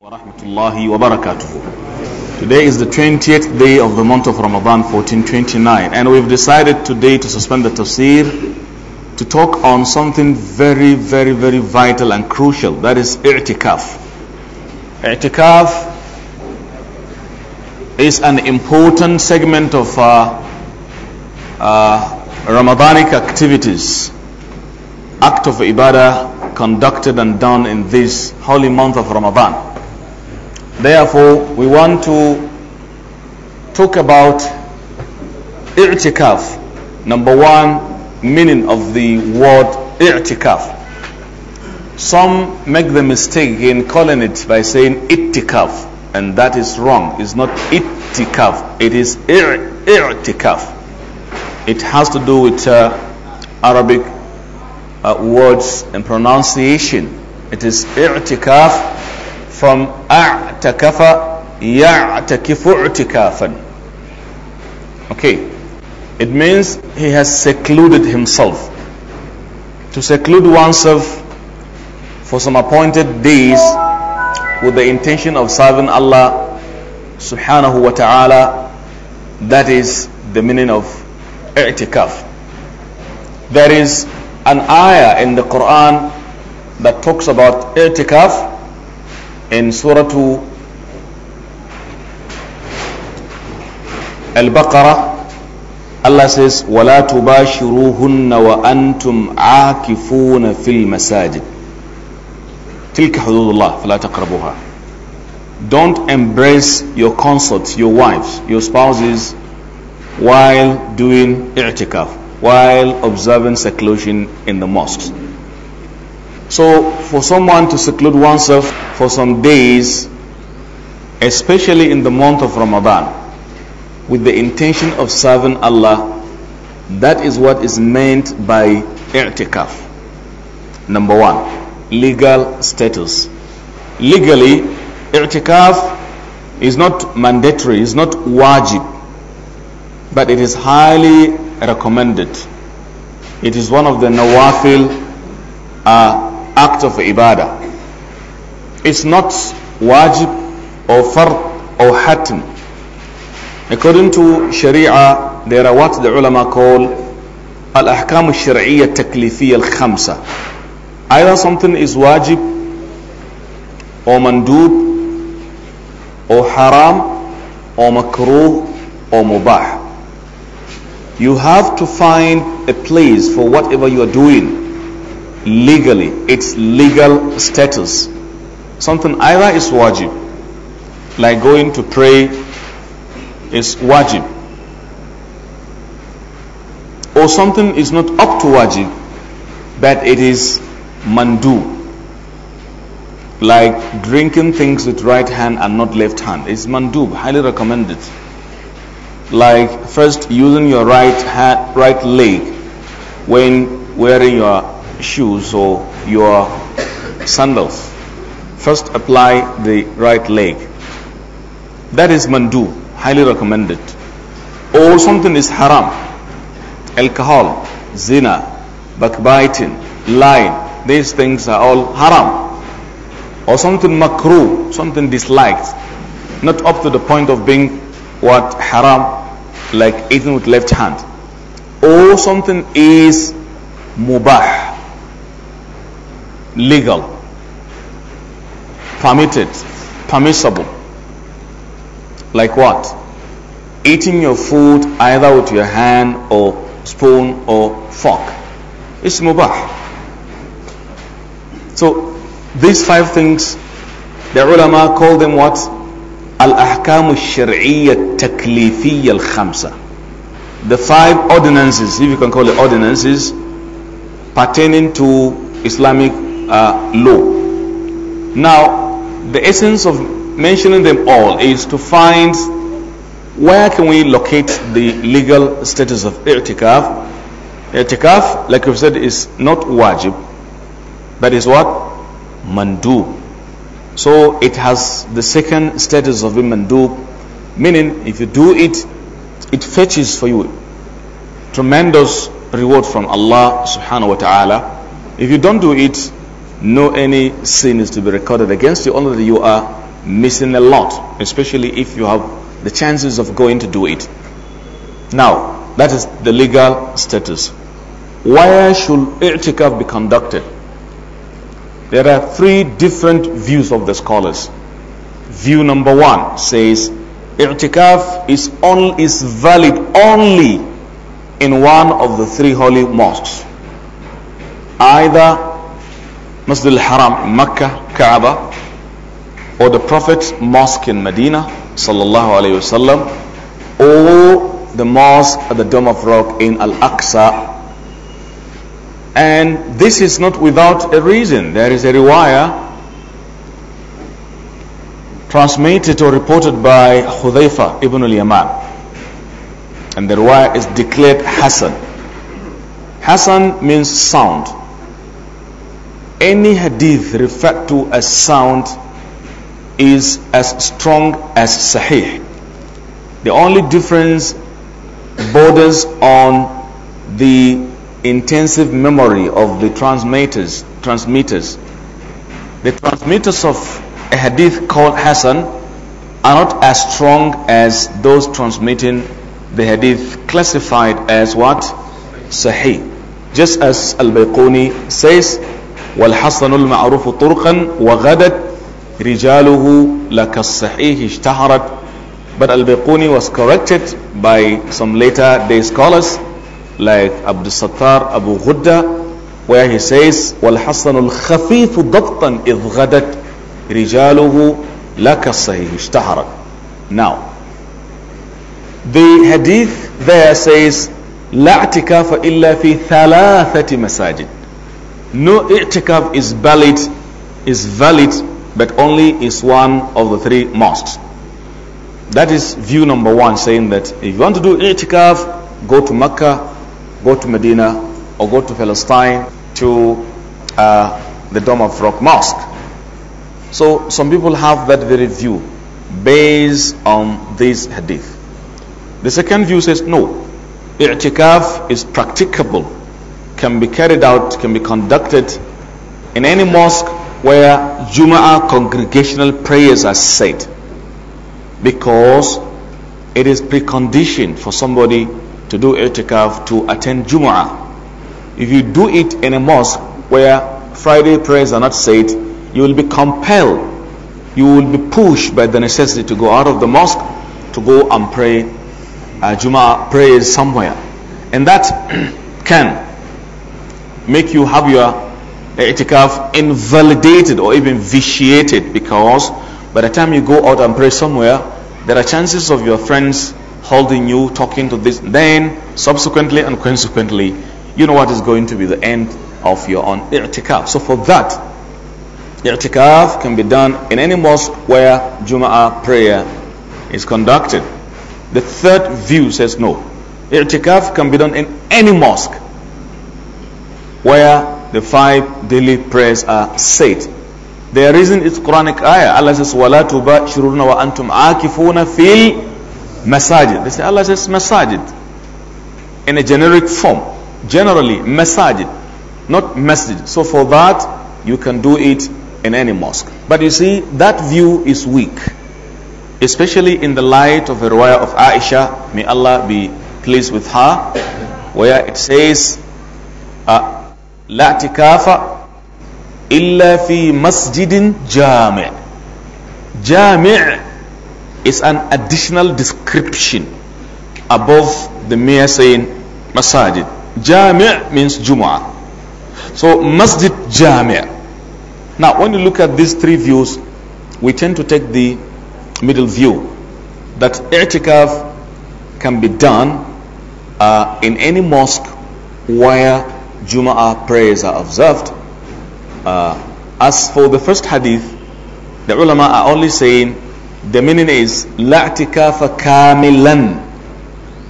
Today is the 20th day of the month of Ramadan 1429 and we've decided today to suspend the tafsir to talk on something very very very vital and crucial that is i'tikaf. I'tikaf is an important segment of uh, uh, Ramadanic activities, act of ibadah conducted and done in this holy month of Ramadan. Therefore, we want to talk about i'tikaf. Number one, meaning of the word i'tikaf. Some make the mistake in calling it by saying ittikaf, and that is wrong. It's not ittikaf, it is i'tikaf. It has to do with uh, Arabic uh, words and pronunciation. It is i'tikaf from a'takafa ya'takifu i'tikafan. Okay. It means he has secluded himself. To seclude oneself for some appointed days with the intention of serving Allah subhanahu wa ta'ala. That is the meaning of i'tikaf. There is an ayah in the Quran that talks about i'tikaf in Surah Al-Baqarah, Allah says, وَلَا تُبَاشِرُوهُنَّ antum عَاكِفُونَ فِي الْمَسَاجِدِ تِلْكَ حُدُودُ اللَّهِ فَلَا تَقْرَبُوهَا Don't embrace your consorts, your wives, your spouses while doing i'tikaf, while observing seclusion in the mosques. So for someone to seclude oneself for some days, especially in the month of Ramadan, with the intention of serving Allah. That is what is meant by i'tikaf. Number one, legal status. Legally, i'tikaf is not mandatory, it is not wajib, but it is highly recommended. It is one of the nawafil uh, act of ibadah. It's not wajib or fard or hatim. According to Sharia, there are what the ulama call al-ahkam al-shar'iyya taklifiyya al-khamsa. Either something is wajib or mandub or haram or makruh or mubah. You have to find a place for whatever you are doing legally, its legal status something either is wajib, like going to pray is wajib, or something is not up to wajib, but it is mandu, like drinking things with right hand and not left hand. It's mandub, highly recommended. Like first using your right hand, right leg when wearing your shoes or your sandals first apply the right leg. That is mandu, highly recommended. Or something is haram, alcohol, zina, backbiting, lying. These things are all haram. Or something makruh, something disliked, not up to the point of being what haram, like eating with left hand. Or something is mubah, legal, permitted, permissible. Like what? Eating your food either with your hand or spoon or fork. It's mubah. So these five things, the ulama call them what? Al-ahkam al al-khamsa. The five ordinances, if you can call it ordinances, pertaining to Islamic uh, law. Now, the essence of mentioning them all is to find where can we locate the legal status of i'tikaf i'tikaf like we've said is not wajib that is what mandu so it has the second status of mandu meaning if you do it it fetches for you tremendous reward from allah subhanahu wa ta'ala if you don't do it no any sin is to be recorded against you, only that you are missing a lot, especially if you have the chances of going to do it. Now, that is the legal status. Where should i'tikaf be conducted? There are three different views of the scholars. View number one says i'tikaf is, only, is valid only in one of the three holy mosques, either Masjid al-Haram in Mecca, Kaaba, or the Prophet's mosque in Medina, sallallahu alayhi wasallam, or the mosque at the Dome of Rock in Al-Aqsa. And this is not without a reason. There is a riwayah transmitted or reported by Hudhaifa ibn al-Yaman. And the riwayah is declared Hassan. Hassan means sound any hadith referred to as sound is as strong as sahih. The only difference borders on the intensive memory of the transmitters. Transmitters. The transmitters of a hadith called Hassan are not as strong as those transmitting the hadith classified as what? Sahih. Just as Al-Bayquni says, والحسن المعروف طرقا وغدت رجاله لك الصحيح اشتهرت But البيقوني was corrected by some later day scholars like Abdul Sattar Abu Ghudda where he says والحسن الخفيف ضبطا إذ غدت رجاله لك الصحيح اشتهرت Now the hadith there says لا اعتكاف إلا في ثلاثة مساجد No i'tikaf is valid, is valid, but only is one of the three mosques. That is view number one, saying that if you want to do i'tikaf, go to Mecca, go to Medina, or go to Palestine to uh, the Dome of Rock Mosque. So some people have that very view based on this hadith. The second view says no, i'tikaf is practicable can be carried out, can be conducted in any mosque where Jum'ah congregational prayers are said because it is preconditioned for somebody to do itikaf to attend Jum'ah. If you do it in a mosque where Friday prayers are not said, you will be compelled, you will be pushed by the necessity to go out of the mosque to go and pray uh, Jum'ah prayers somewhere. And that can make you have your itikaf invalidated or even vitiated because by the time you go out and pray somewhere, there are chances of your friends holding you, talking to this. Then, subsequently and consequently, you know what is going to be the end of your own i'tikaf. So for that, i'tikaf can be done in any mosque where Jum'ah prayer is conducted. The third view says no. I'tikaf can be done in any mosque where the five daily prayers are said. The reason is Quranic ayah. Allah says, وَلَا تُبَاشِرُونَ antum عَاكِفُونَ fil masajid." They say, Allah says masajid in a generic form. Generally, masajid, not masjid. So for that, you can do it in any mosque. But you see, that view is weak. Especially in the light of the riwayah of Aisha, may Allah be pleased with her, where it says, uh, لا اعتكاف إلا في مسجد جامع جامع is an additional description above the mere saying masajid jami' means jumu'ah so masjid jami' now when you look at these three views we tend to take the middle view that i'tikaf can be done uh, in any mosque where Jum'ah prayers are observed. Uh, as for the first hadith, the ulama are only saying the meaning is La i'tikafa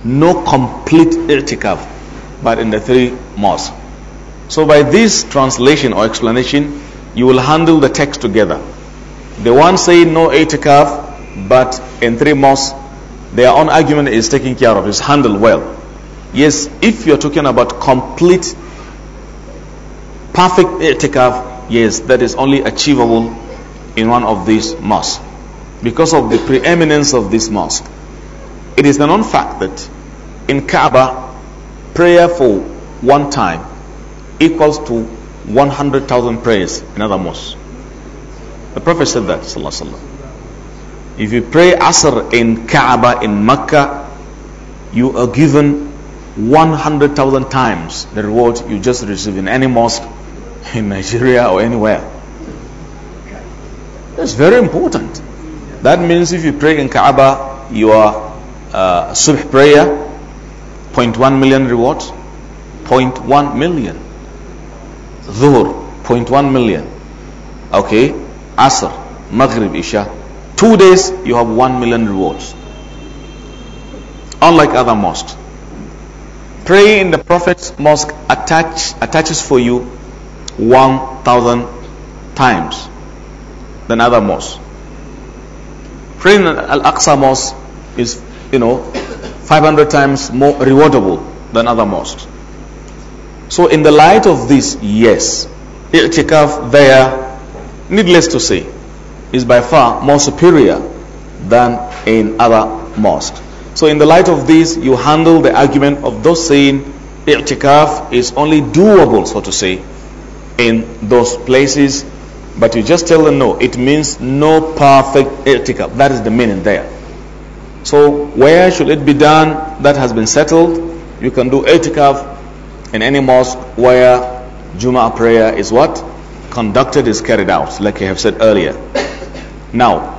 No complete i'tikaf, but in the three mosques. So by this translation or explanation, you will handle the text together. The one saying no i'tikaf, but in three mosques, their own argument is taken care of, is handled well. Yes, if you're talking about complete Perfect i'tikaf, yes, that is only achievable in one of these mosques because of the preeminence of this mosque. It is the known fact that in Kaaba, prayer for one time equals to 100,000 prayers in other mosques. The Prophet said that. If you pray Asr in Kaaba in Mecca, you are given 100,000 times the reward you just receive in any mosque in Nigeria or anywhere. That's very important. That means if you pray in Kaaba, your uh, subh prayer, 0.1 million reward, 0.1 million. Dhuhr, 0.1 million. Okay, Asr, Maghrib, Isha. Two days, you have 1 million rewards. Unlike other mosques. Praying in the Prophet's mosque attach, attaches for you 1,000 times than other mosques. Praying at Al-Aqsa Mosque is, you know, 500 times more rewardable than other mosques. So in the light of this, yes, i'tikaf there, needless to say, is by far more superior than in other mosques. So in the light of this, you handle the argument of those saying i'tikaf is only doable, so to say, in those places. But you just tell them no. It means no perfect etiquette. That is the meaning there. So where should it be done? That has been settled. You can do itikaf in any mosque where Juma prayer is what? Conducted is carried out, like I have said earlier. Now,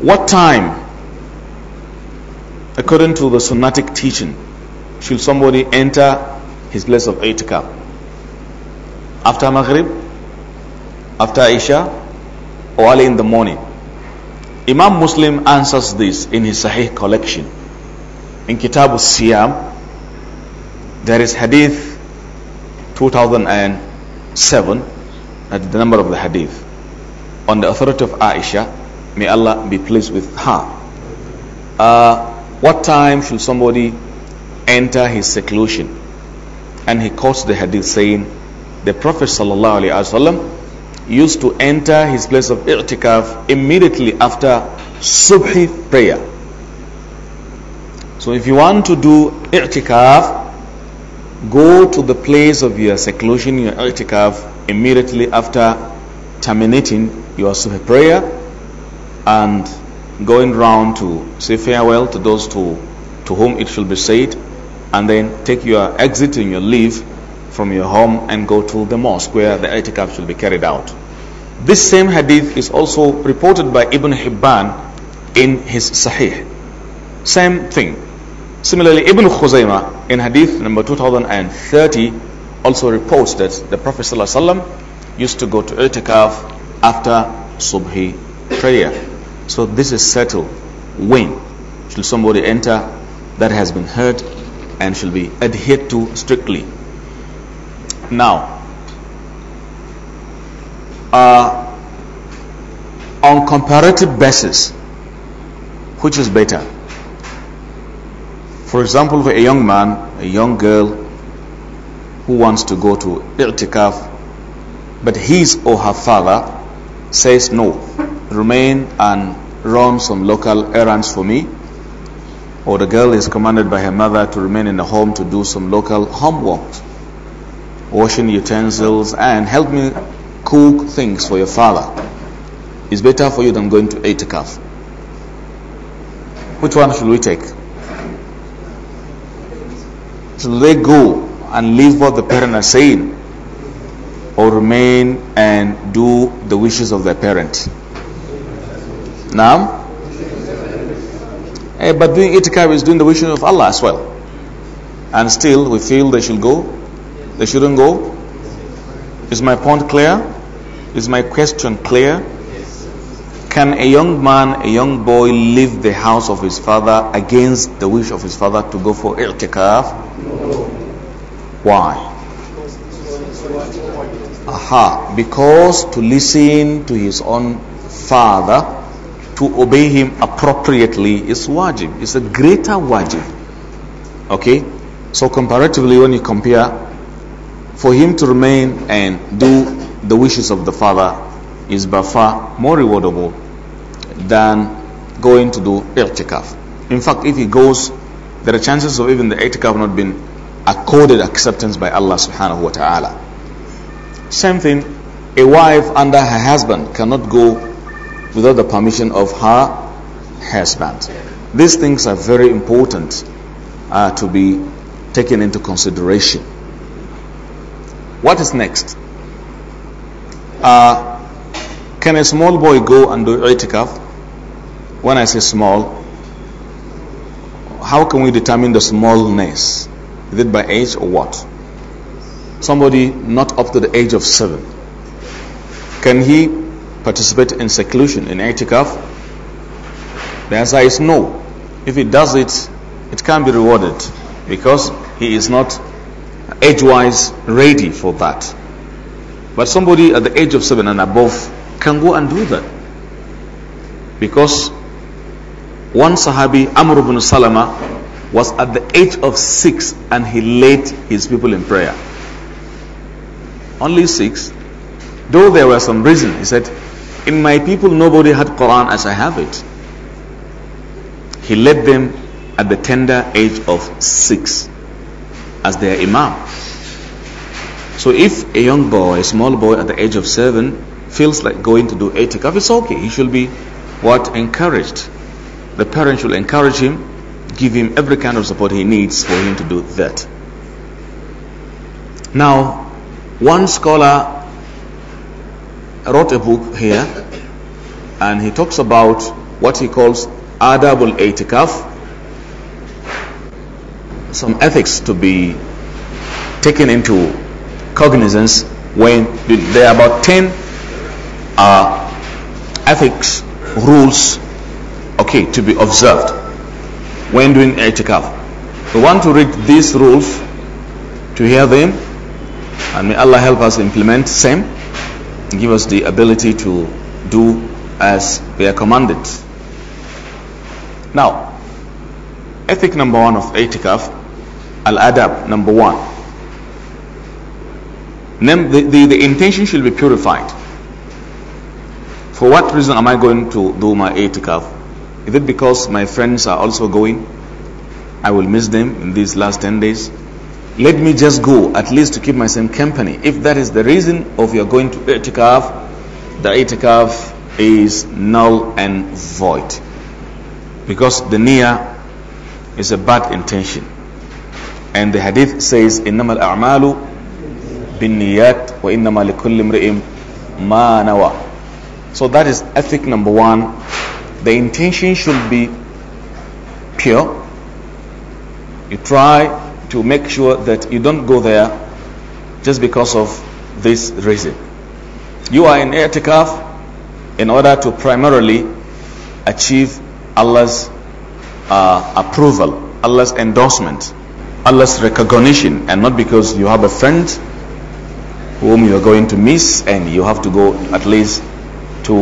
what time, according to the Sunnatic teaching, should somebody enter his place of itikaf. After Maghrib, after Isha, or early in the morning. Imam Muslim answers this in his Sahih collection. In Kitab al-Siyam, there is Hadith 2007, at the number of the Hadith, on the authority of Aisha, may Allah be pleased with her. Uh, what time should somebody enter his seclusion? and he quotes the hadith saying, the Prophet ﷺ used to enter his place of i'tikaf immediately after subhi prayer. So if you want to do i'tikaf, go to the place of your seclusion, your i'tikaf immediately after terminating your subhi prayer and going round to say farewell to those to, to whom it shall be said and then take your exit and your leave from your home and go to the mosque where the itikaf will be carried out. This same hadith is also reported by Ibn Hibban in his Sahih. Same thing. Similarly, Ibn Khuzaymah in hadith number 2030 also reports that the Prophet ﷺ used to go to itikaf after subhi prayer. So this is settled. When should somebody enter? That has been heard and shall be adhered to strictly. Now, uh, on comparative basis, which is better? For example, for a young man, a young girl who wants to go to i'tikaf, but his or her father says no, remain and run some local errands for me or the girl is commanded by her mother to remain in the home to do some local homework, washing utensils, and help me cook things for your father. It's better for you than going to Etikaf. Which one should we take? Should they go and leave what the parent are saying, or remain and do the wishes of their parent? Now. Uh, but doing itikaf is doing the wishes of Allah as well. And still, we feel they should go, they shouldn't go. Is my point clear? Is my question clear? Can a young man, a young boy leave the house of his father against the wish of his father to go for i'tikaf? No. Why? Aha, because to listen to his own father to obey him appropriately is wajib. It's a greater wajib. Okay? So comparatively, when you compare, for him to remain and do the wishes of the father is by far more rewardable than going to do i'tikaf. In fact, if he goes, there are chances of even the i'tikaf not being accorded acceptance by Allah subhanahu wa ta'ala. Same thing, a wife under her husband cannot go without the permission of her husband. These things are very important uh, to be taken into consideration. What is next? Uh, can a small boy go and do itikaf? When I say small, how can we determine the smallness? Is it by age or what? Somebody not up to the age of seven. Can he participate in seclusion, in itikaf? The answer is no. If he does it, it can not be rewarded because he is not age-wise ready for that. But somebody at the age of seven and above can go and do that. Because one Sahabi, Amr ibn Salama, was at the age of six and he led his people in prayer. Only six. Though there were some reason, he said, in my people, nobody had Quran as I have it. He led them at the tender age of six as their imam. So if a young boy, a small boy at the age of seven, feels like going to do itikaf, it's okay. He should be what? Encouraged. The parents should encourage him, give him every kind of support he needs for him to do that. Now, one scholar wrote a book here and he talks about what he calls adabul itikaf some ethics to be taken into cognizance when there are about 10 uh, ethics rules okay to be observed when doing itikaf we want to read these rules to hear them and may Allah help us implement same to give us the ability to do as we are commanded. Now, ethic number one of I'll al adab number one. the, the, the intention should be purified. For what reason am I going to do my itikaf? Is it because my friends are also going? I will miss them in these last 10 days let me just go at least to keep myself company if that is the reason of your going to itikaf the itikaf is null and void because the niyyah is a bad intention and the hadith says innamal a'malu binniyat wa innama likulli imri'in ma nawa so that is ethic number 1 the intention should be pure you try to make sure that you don't go there just because of this reason. You are in i'tikaf in order to primarily achieve Allah's uh, approval, Allah's endorsement, Allah's recognition, and not because you have a friend whom you are going to miss and you have to go at least to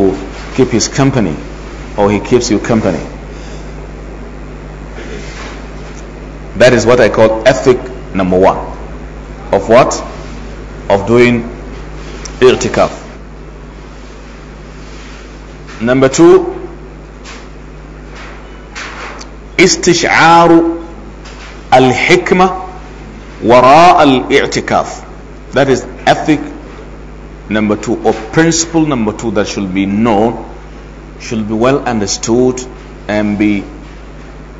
keep his company or he keeps you company. That is what I call ethic number one. Of what? Of doing irtikaf. Number two, istish'aru al-hikmah wara al-i'tikaf. That is ethic number two or principle number two that should be known, should be well understood and be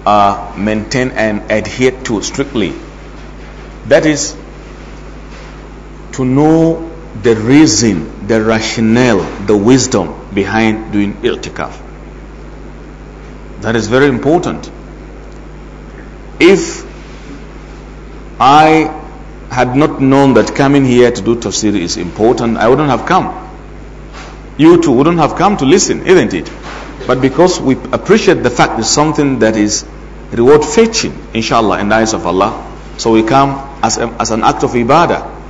uh, maintain and adhere to strictly. That is to know the reason, the rationale, the wisdom behind doing i'tikaf. That is very important. If I had not known that coming here to do tafsir is important, I wouldn't have come. You too wouldn't have come to listen, isn't it? But because we appreciate the fact it's something that is reward fetching, inshallah, in the eyes of Allah. So we come as, a, as an act of ibadah.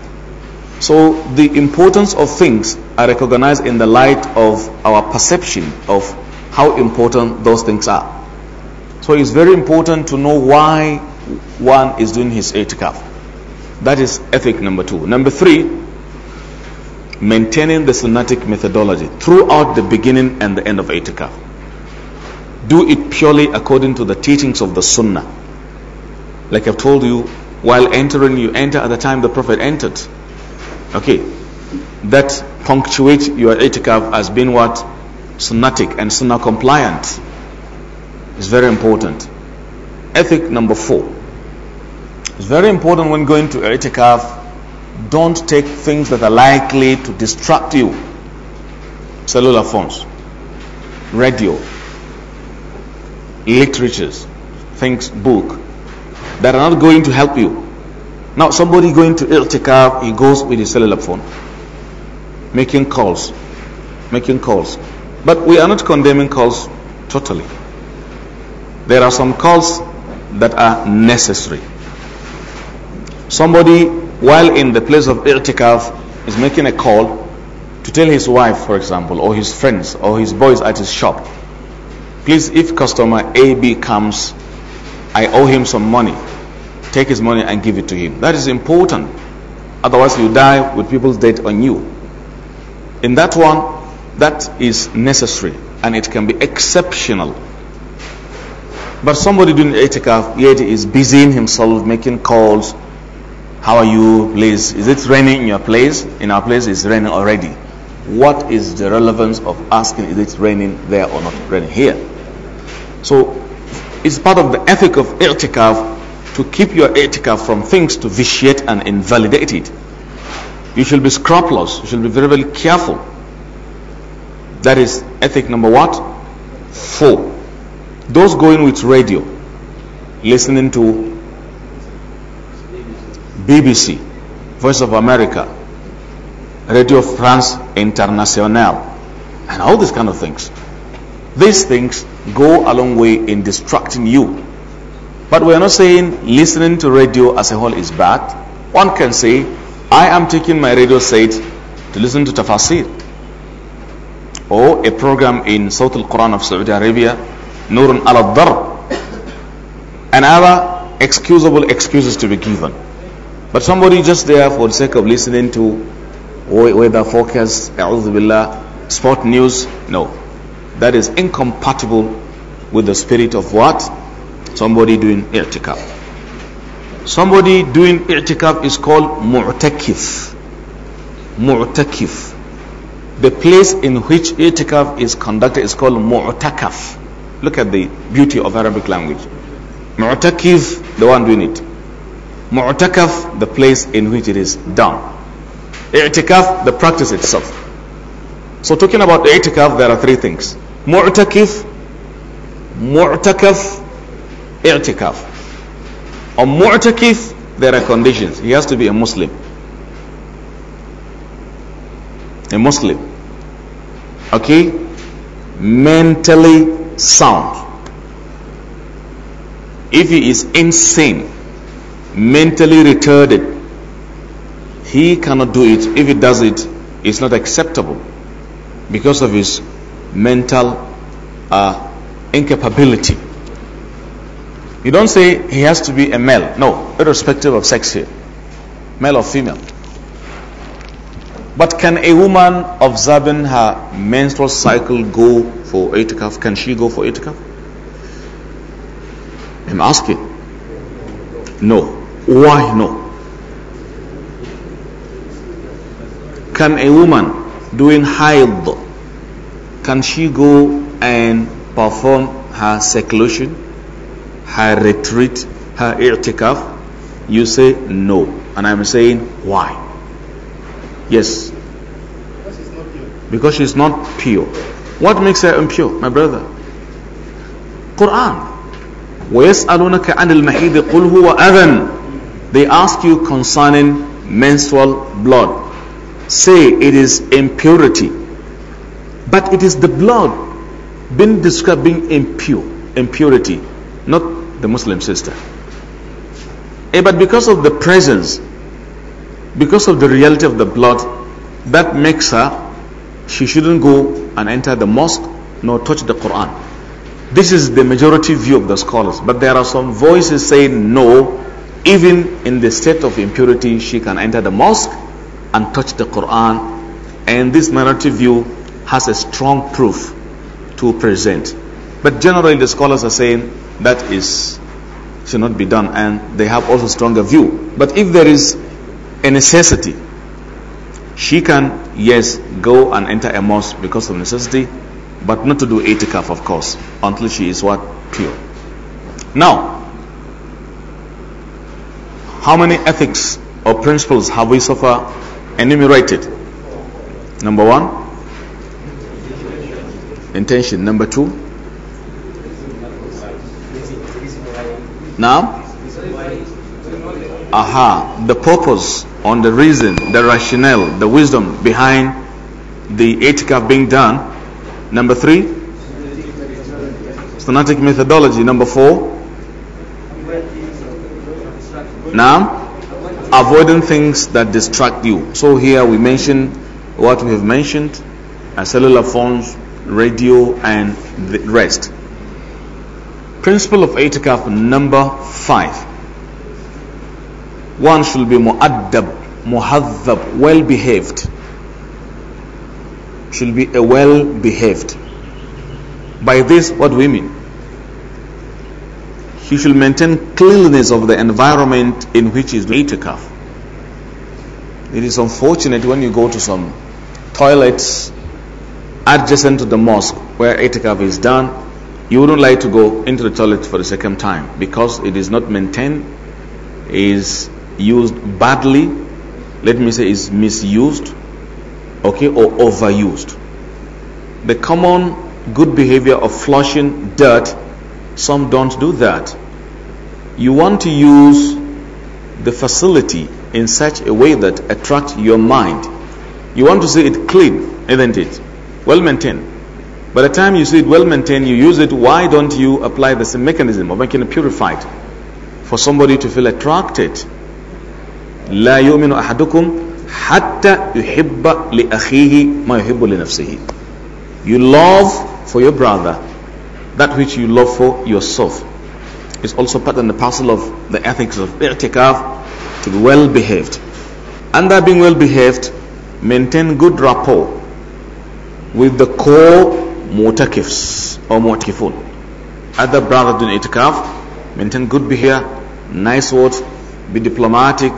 So the importance of things are recognized in the light of our perception of how important those things are. So it's very important to know why one is doing his itikaf. That is ethic number two. Number three, maintaining the sunnatic methodology throughout the beginning and the end of itikaf do it purely according to the teachings of the sunnah like i've told you while entering you enter at the time the prophet entered okay that punctuates your itikaf as being what sunnatic and sunnah compliant is very important ethic number four it's very important when going to itikaf don't take things that are likely to distract you cellular phones radio literatures, things, book, that are not going to help you. Now somebody going to irtikaf, he goes with his cellular phone, making calls, making calls. But we are not condemning calls totally. There are some calls that are necessary. Somebody, while in the place of irtikaf, is making a call to tell his wife, for example, or his friends, or his boys at his shop please if customer AB comes, I owe him some money. Take his money and give it to him. That is important. Otherwise you die with people's debt on you. In that one, that is necessary and it can be exceptional. But somebody doing itikaf yet is busying himself making calls. How are you, please? Is it raining in your place? In our place, it's raining already what is the relevance of asking is it raining there or not raining here so it's part of the ethic of i'tikaf to keep your i'tikaf from things to vitiate and invalidate it. You should be scrupulous. You should be very, very careful. That is ethic number what? Four. Those going with radio, listening to BBC, Voice of America, Radio France Internationale, and all these kind of things. These things go a long way in distracting you. But we are not saying listening to radio as a whole is bad. One can say, I am taking my radio set to listen to tafsir or a program in South al Quran of Saudi Arabia, Nurun al Adar. and other excusable excuses to be given. But somebody just there for the sake of listening to weather forecast, billah, sport news, no that is incompatible with the spirit of what? Somebody doing i'tikaf. Somebody doing i'tikaf is called mu'takif. Mu'takif. The place in which i'tikaf is conducted is called mu'takaf. Look at the beauty of Arabic language. Mu'takif, the one doing it. Mu'takaf, the place in which it is done. I'tikaf, the practice itself. So talking about i'tikaf, there are three things mu'takif, mu'takaf, i'tikaf. On mu'takif, there are conditions. He has to be a Muslim. A Muslim. Okay? Mentally sound. If he is insane, mentally retarded, he cannot do it. If he does it, it's not acceptable because of his mental uh, incapability. You don't say he has to be a male. No, irrespective of sex here, male or female. But can a woman observing her menstrual cycle go for itikaf? Can she go for itikaf? I'm asking. No. Why no? Can a woman doing haid can she go and perform her seclusion, her retreat, her i'tikaf? You say no. And I'm saying why? Yes. Because she's not pure. Because she's not pure. What makes her impure, my brother? Quran. وَيَسْأَلُونَكَ عَنِ الْمَحِيدِ قُلْ هُوَ They ask you concerning menstrual blood. Say it is impurity but it is the blood being described being impure, impurity, not the Muslim sister. Eh, but because of the presence, because of the reality of the blood, that makes her, she shouldn't go and enter the mosque nor touch the Quran. This is the majority view of the scholars, but there are some voices saying no, even in the state of impurity, she can enter the mosque and touch the Quran. And this minority view has a strong proof to present. But generally, the scholars are saying that is should not be done, and they have also stronger view. But if there is a necessity, she can yes go and enter a mosque because of necessity, but not to do itikaf, of course, until she is what pure. Now, how many ethics or principles have we so far enumerated? Number one intention number two now aha the purpose on the reason the rationale the wisdom behind the etiquette being done number three Stenotic methodology number four now avoiding things that distract you so here we mention what we have mentioned uh, cellular phones radio, and the rest. Principle of itikaf number five. One should be mu'addab, muhaddab, well behaved. Should be a well behaved. By this, what do we mean? He should maintain cleanliness of the environment in which he is doing It is unfortunate when you go to some toilets adjacent to the mosque where itikaf is done, you wouldn't like to go into the toilet for the second time because it is not maintained, is used badly, let me say is misused, okay, or overused. The common good behavior of flushing dirt, some don't do that. You want to use the facility in such a way that attracts your mind. You want to see it clean, isn't it? well maintained. By the time you see it well maintained, you use it, why don't you apply the same mechanism of making it purified for somebody to feel attracted? لا يؤمن أحدكم حتى يحب لأخيه ما يحب لنفسه. You love for your brother that which you love for yourself. It's also part and parcel of the ethics of i'tikaf to be well behaved. Under being well behaved, maintain good rapport with the core mutakifs or mutakifun. Other brothers doing itikaf, maintain good behavior, nice words, be diplomatic,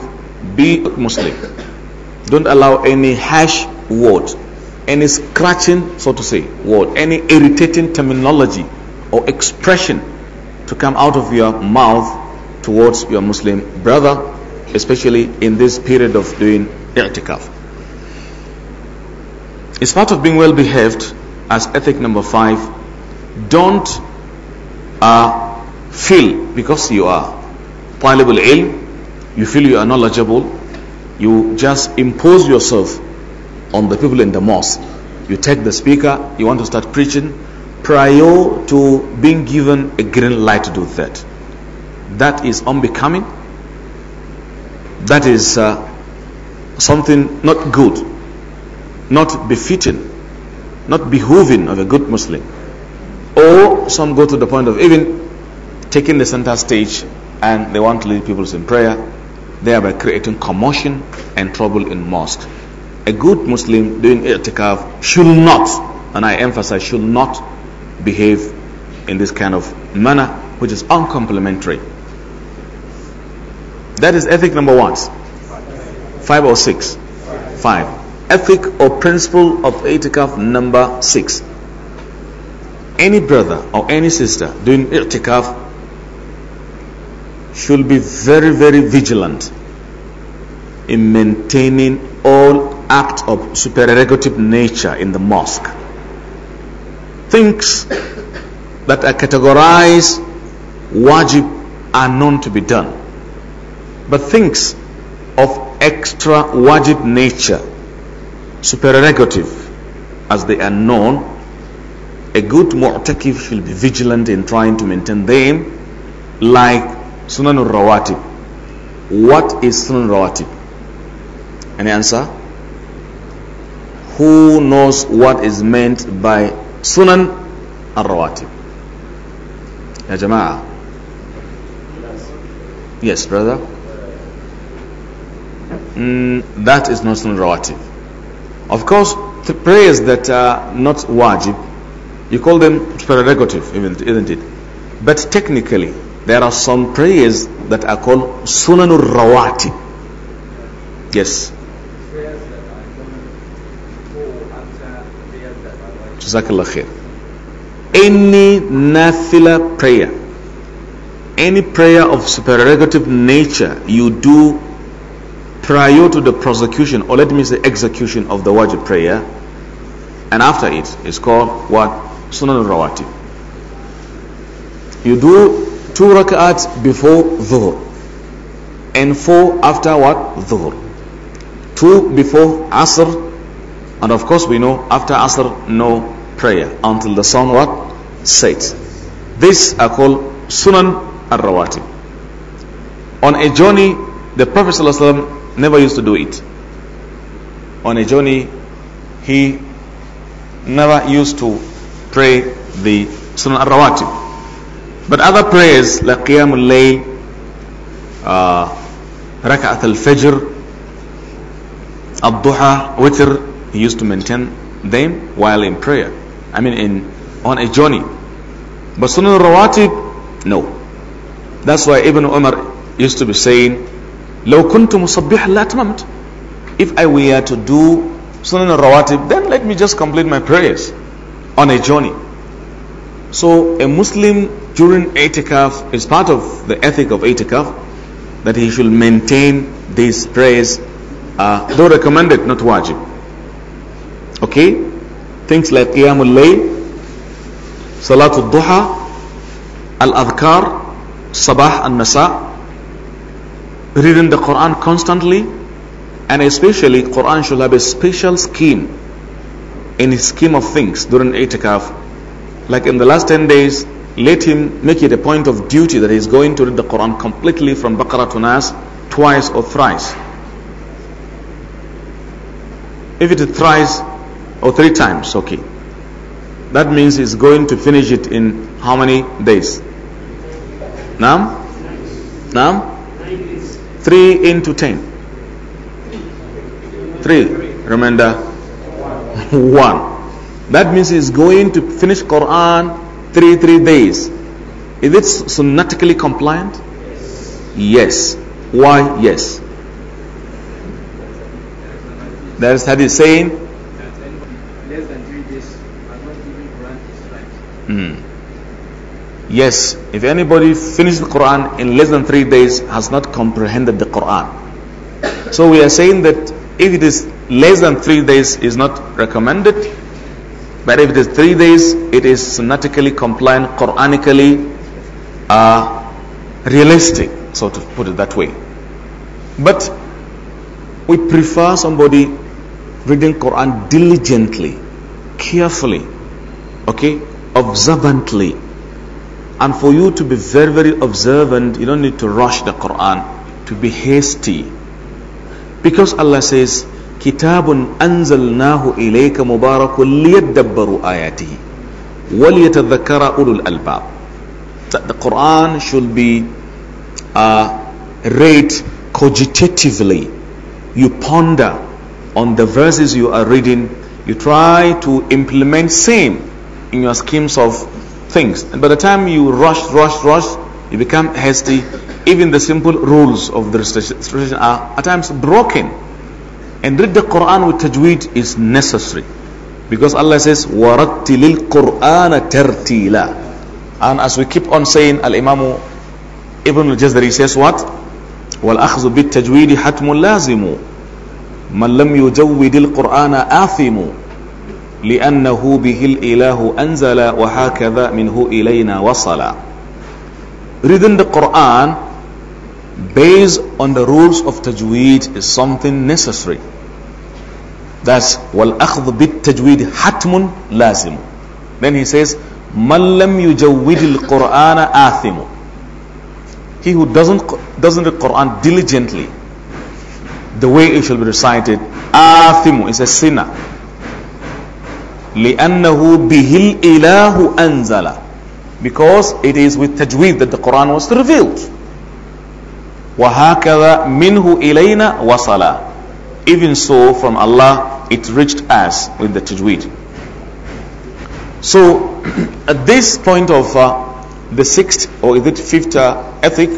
be Muslim. Don't allow any harsh word, any scratching, so to say, word, any irritating terminology or expression to come out of your mouth towards your Muslim brother, especially in this period of doing i'tikaf it's part of being well behaved as ethic number five don't uh, feel because you are طالب ill, you feel you are knowledgeable you just impose yourself on the people in the mosque you take the speaker you want to start preaching prior to being given a green light to do that that is unbecoming that is uh, something not good not befitting, not behooving of a good Muslim. Or some go to the point of even taking the center stage and they want to lead people in prayer, thereby creating commotion and trouble in mosque. A good Muslim doing i'tikaf should not, and I emphasize, should not behave in this kind of manner which is uncomplimentary. That is ethic number one, Five or six? Five ethic or principle of itikaf number six any brother or any sister doing itikaf should be very very vigilant in maintaining all acts of supererogative nature in the mosque things that are categorized wajib are known to be done but things of extra wajib nature supererogative as they are known, a good mu'takif should be vigilant in trying to maintain them like sunan rawatib what is sunan rawatib any answer who knows what is meant by sunan rawatib ya jamaa yes brother mm, that is not sunan rawatib of course, the prayers that are not wajib, you call them prerogative, isn't it? But technically, there are some prayers that are called sunanur rawati. Yes. Jazakallah khair. Any nafila prayer, any prayer of supererogative nature you do prior to the prosecution or let me say execution of the wajib prayer and after it is called what sunan rawatib you do two rak'ats before dhuhr and four after what dhuhr two before asr and of course we know after asr no prayer until the sun what sets these are called sunan al-rawatib on a journey the prophet sallallahu never used to do it. On a journey, he never used to pray the Sunnah al-Rawatib. But other prayers like Qiyamul Layl, uh, al-Fajr, al duha Witr, he used to maintain them while in prayer. I mean in on a journey. But Sunnah al-Rawatib, no. That's why Ibn Umar used to be saying, لو كنت مصبحا if I were to do Sunan al-Rawatib, then let me just complete my prayers on a journey. So a Muslim during itikaf is part of the ethic of itikaf that he should maintain these prayers, uh, though recommended, not wajib. Okay, things like Qiyamul Layl, Salatul Duha, Al-Adhkar, Sabah and masa reading the Quran constantly and especially Quran should have a special scheme in his scheme of things during itikaf. Like in the last 10 days, let him make it a point of duty that he is going to read the Quran completely from Baqarah to Nas twice or thrice. If it is thrice or three times, okay. That means he's going to finish it in how many days? Now? Now? 3 into 10. 3. Remember? 1. That means he's going to finish Quran 3 3 days. Is it sunnatically compliant? Yes. Why? Yes. There is hadith saying. Mm. Yes, if anybody finishes the Quran in less than three days has not comprehended the Quran. So we are saying that if it is less than three days is not recommended, but if it is three days, it is sunnatically compliant, Quranically uh, realistic, so to put it that way. But we prefer somebody reading Quran diligently, carefully, okay, observantly and for you to be very, very observant, you don't need to rush the Quran, to be hasty. Because Allah says, Kitabun anzalnahu ilayka mubarakun liyadabbaru ayatihi waliyatadhakkara ulul albab. The Quran should be uh, read cogitatively. You ponder on the verses you are reading. You try to implement same in your schemes of things. And by the time you rush, rush, rush, you become hasty. Even the simple rules of the recitation are at times broken. And read the Quran with tajweed is necessary. Because Allah says, وَرَتِّلِ الْقُرْآنَ تَرْتِيلًا And as we keep on saying, Al-Imam Ibn al-Jazari says what? وَالْأَخْذُ بِالتَّجْوِيدِ حَتْمٌ لَازِمُ مَنْ لَمْ يُجَوِّدِ الْقُرْآنَ آثِمُ لأنه به الإله أنزل وهكذا منه إلينا وصل Reading the Quran based on the rules of tajweed is something necessary. That's والأخذ بالتجويد حتم لازم. Then he says من لم يجود القرآن آثم. He who doesn't doesn't read Quran diligently the way it shall be recited آثم is a sinner. لأنه به الإله أنزل because it is with tajweed that the Quran was revealed وهكذا منه إلينا even so from Allah it reached us with the tajweed so at this point of uh, the sixth or is it fifth uh, ethic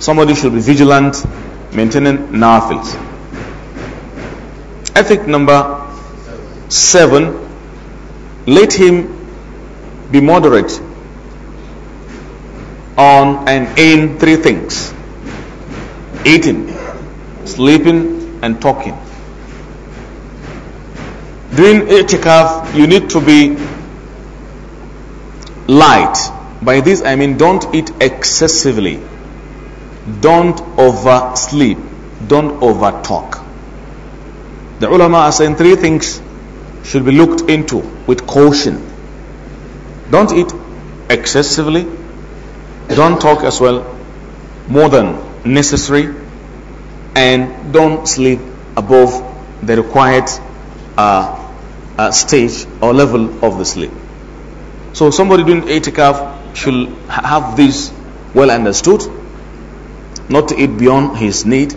somebody should be vigilant maintaining nafils ethic number 7 let him be moderate on and in three things eating sleeping and talking during itikaf you need to be light by this i mean don't eat excessively don't oversleep don't overtalk the ulama are saying three things should be looked into with caution. Don't eat excessively. Don't talk as well more than necessary. And don't sleep above the required uh, uh, stage or level of the sleep. So somebody doing itikaf should have this well understood. Not to eat beyond his need.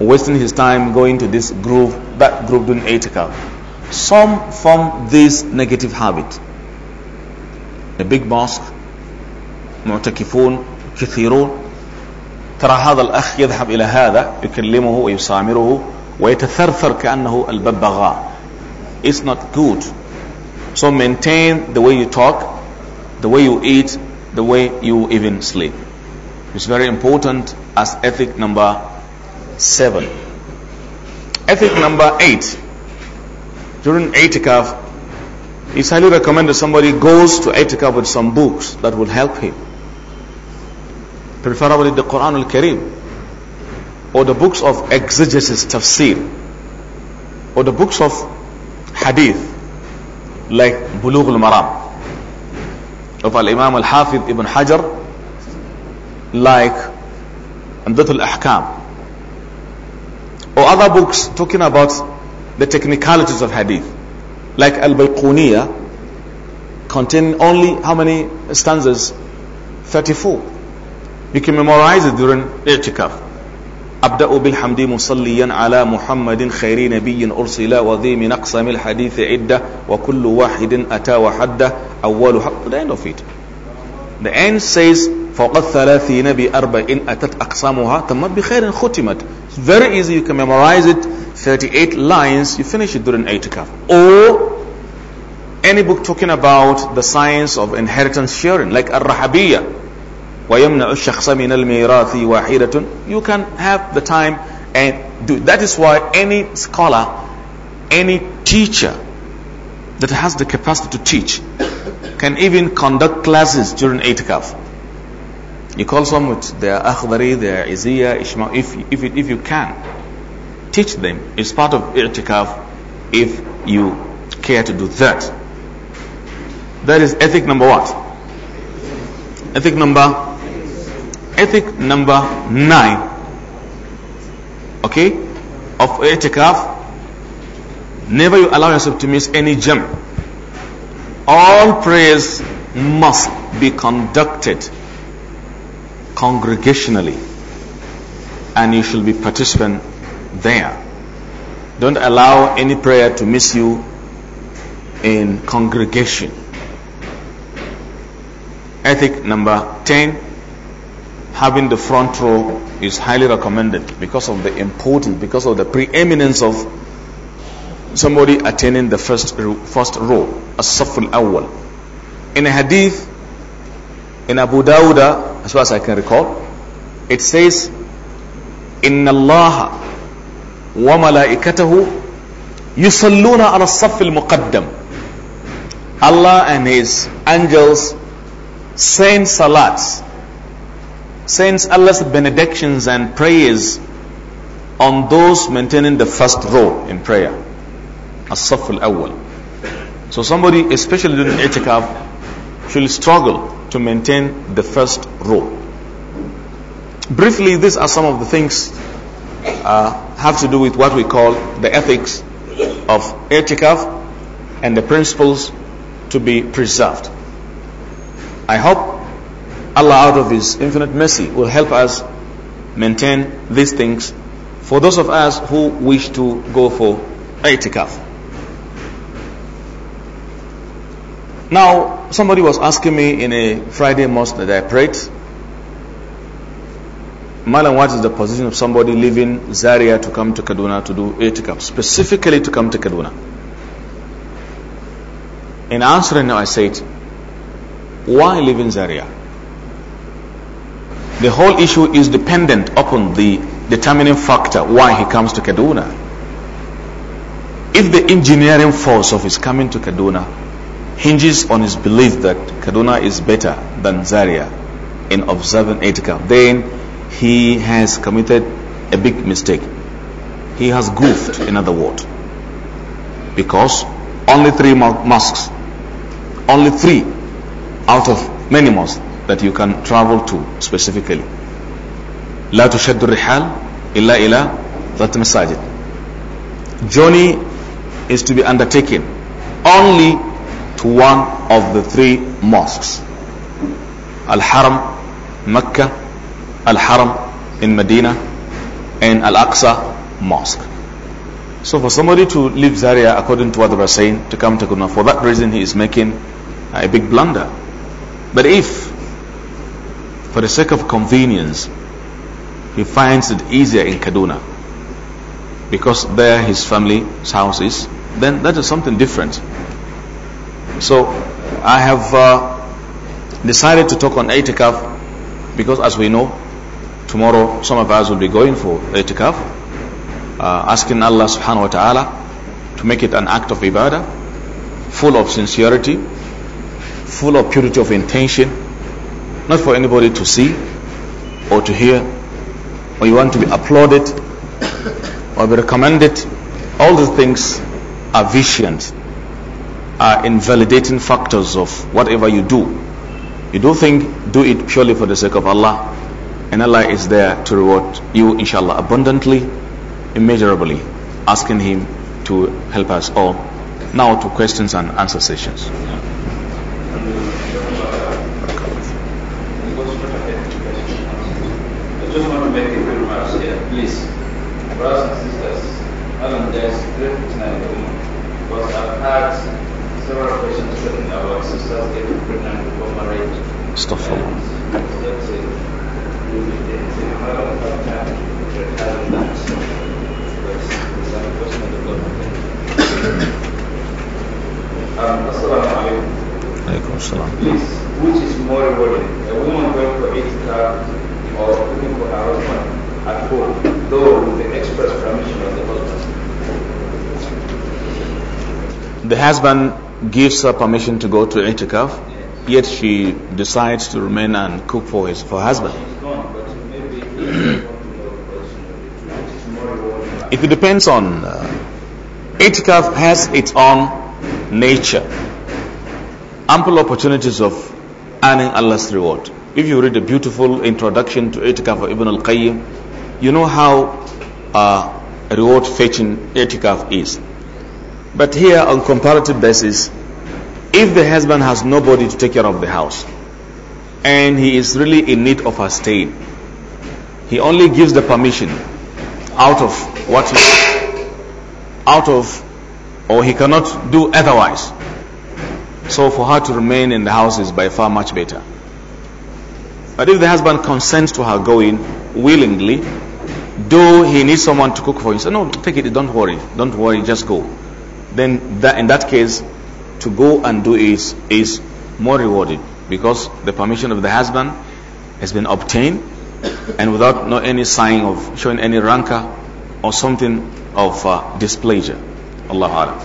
Wasting his time going to this group, that group doing itikaf some form this negative habit. A big mosque, معتكفون كثيرون ترى هذا الأخ يذهب إلى هذا يكلمه ويسامره ويتثرثر كأنه الببغاء. It's not good. So maintain the way you talk, the way you eat, the way you even sleep. It's very important as ethic number seven. Ethic number eight during itikaf, it's highly recommended somebody goes to itikaf with some books that will help him. Preferably the Quran al-Karim or the books of exegesis, tafsir or the books of hadith like Bulugh al-Maram of al-Imam al-Hafidh ibn Hajar like Amdat al-Ahkam or other books talking about the technicalities of hadith. Like Al-Bayquniya contain only how many stanzas? 34. You can memorize it during i'tikaf. أبدأ بالحمد مصليا على محمد خير نبي أرسل وذي من أقسام الحديث عدة وكل واحد أتى وحده أول حق the end of it the end says فوق الثلاثين بأربعين أتت أقسامها تمت بخير ختمت It's very easy you can memorize it 38 lines you finish it during itikaf or any book talking about the science of inheritance sharing like Ar-Rahabiyya ويمنع الشخص من الميراث واحدة you can have the time and do that is why any scholar any teacher that has the capacity to teach can even conduct classes during itikaf you call some with their Akhdari, their Izziya, Ishmael, if, if, if you can. Teach them. It's part of i'tikaf if you care to do that. That is ethic number what? Ethic number? Ethic number nine. Okay? Of i'tikaf. Never you allow yourself to miss any gem. All prayers must be conducted congregationally and you should be participant there. Don't allow any prayer to miss you in congregation. Ethic number 10 having the front row is highly recommended because of the importance, because of the preeminence of somebody attaining the first, first row, as-saful awwal. In a hadith, in Abu Dawud, as far as I can recall, it says, إن الله وملائكته يصلون saff al-muqaddam." Allah and His angels send salats, sends Allah's benedictions and prayers on those maintaining the first row in prayer. as saff al-Awwal. So somebody, especially during itikaf, should struggle to maintain the first row. Briefly, these are some of the things uh, have to do with what we call the ethics of itikaf and the principles to be preserved. I hope Allah out of His infinite mercy will help us maintain these things for those of us who wish to go for itikaf. Now, somebody was asking me in a Friday mosque that I prayed, Malam, what is the position of somebody leaving Zaria to come to Kaduna to do itikaf, specifically to come to Kaduna? In answering, I said, why in Zaria? The whole issue is dependent upon the determining factor why he comes to Kaduna. If the engineering force of his coming to Kaduna hinges on his belief that Kaduna is better than Zaria in observing etikaf, then he has committed a big mistake. He has goofed, in other words. Because only three mosques, only three out of many mosques that you can travel to specifically. لا تشد الرحال إلا إلى ذات مساجد. Journey is to be undertaken only to one of the three mosques Al-Haram, Mecca, Al-Haram in Medina, and Al-Aqsa Mosque. So for somebody to leave Zaria according to what they were saying to come to Kuna, for that reason he is making a big blunder. But if, for the sake of convenience, he finds it easier in Kaduna, because there his family's house is, then that is something different. So I have uh, decided to talk on itikaf because as we know, tomorrow some of us will be going for itikaf, uh, asking Allah subhanahu wa ta'ala to make it an act of ibadah, full of sincerity, full of purity of intention, not for anybody to see or to hear, or you want to be applauded or be recommended. All those things are visions are invalidating factors of whatever you do. You do think, do it purely for the sake of Allah. And Allah is there to reward you, inshallah, abundantly, immeasurably, asking Him to help us all. Now to questions and answer sessions. just want to make a few remarks here, please. Brothers and sisters, I am Alan, there is great tonight because I've had several occasions when Please, which is more rewarding, a woman going for itikaf or looking for her husband at home, though with the express permission of the husband? The husband gives her permission to go to itikaf, yet she decides to remain and cook for his for her husband. it depends on uh, itikaf has its own nature, ample opportunities of earning Allah's reward. If you read the beautiful introduction to itikaf of Ibn al-Qayyim, you know how uh, reward fetching itikaf is. But here on comparative basis, if the husband has nobody to take care of the house and he is really in need of a stay, he only gives the permission out of what he, out of or he cannot do otherwise. So for her to remain in the house is by far much better. But if the husband consents to her going willingly, though he needs someone to cook for him, so no, take it, don't worry, don't worry, just go then that in that case, to go and do is is more rewarded because the permission of the husband has been obtained and without no any sign of showing any rancor or something of uh, displeasure. Allah Alam. Or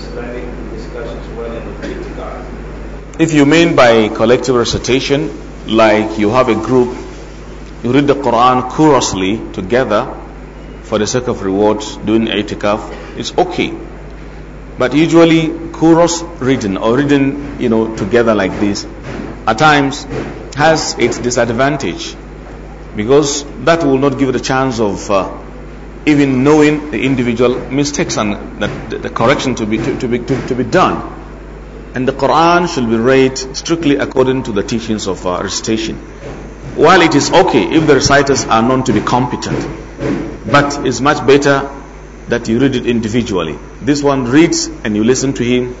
some discussions while in the if you mean by collective recitation, like you have a group, you read the Quran chorously together for the sake of rewards doing itikaf, it's okay. But usually, chorus reading or reading, you know, together like this, at times has its disadvantage because that will not give the chance of uh, even knowing the individual mistakes and the, the correction to be to, to be to, to be done. And the Quran should be read strictly according to the teachings of uh, recitation. While it is okay if the reciters are known to be competent, but it's much better that you read it individually. This one reads and you listen to him.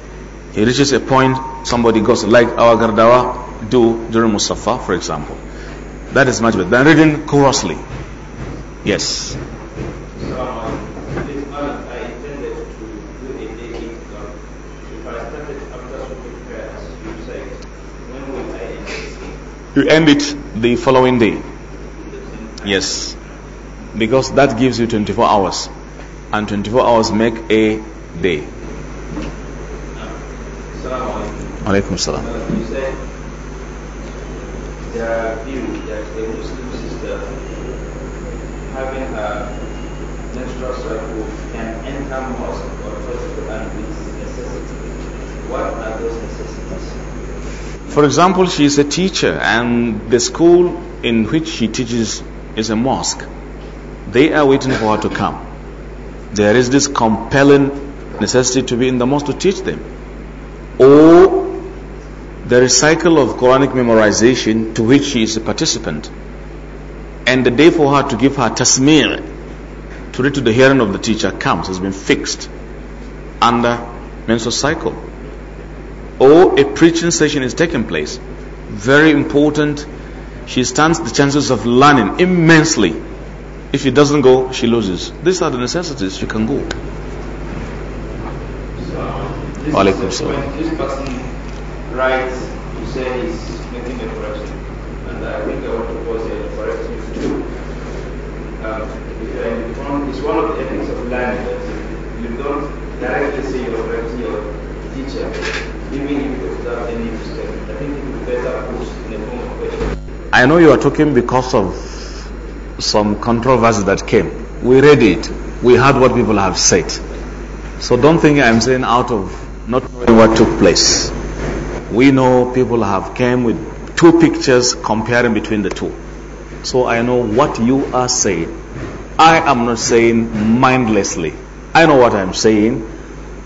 He reaches a point, somebody goes like our Gardawa do during Mustafa, for example. That is much better than reading coarsely. Yes. you end it the following day. Yes. Because that gives you 24 hours. And 24 hours make a day. Alaikum salam. Uh, you said the that a Muslim sister having a menstrual cycle can enter mosque or church and with necessity. What are those necessities? For example, she is a teacher, and the school in which she teaches is a mosque. They are waiting for her to come. There is this compelling necessity to be in the mosque to teach them. Or the recital of Quranic memorization to which she is a participant. And the day for her to give her tasmir, to read to the hearing of the teacher, comes, has been fixed under menstrual cycle or a preaching session is taking place. Very important. She stands the chances of learning immensely. If she doesn't go, she loses. These are the necessities. She can go. So, Alaikum When this person writes to say he's making a correction, and I think I want to pose a correction too. Um, it's one of the ethics of learning. You don't directly say you're correcting your teacher. I I know you are talking because of some controversy that came. We read it. We heard what people have said. So don't think I'm saying out of not knowing what took place. We know people have came with two pictures comparing between the two. So I know what you are saying. I am not saying mindlessly. I know what I'm saying,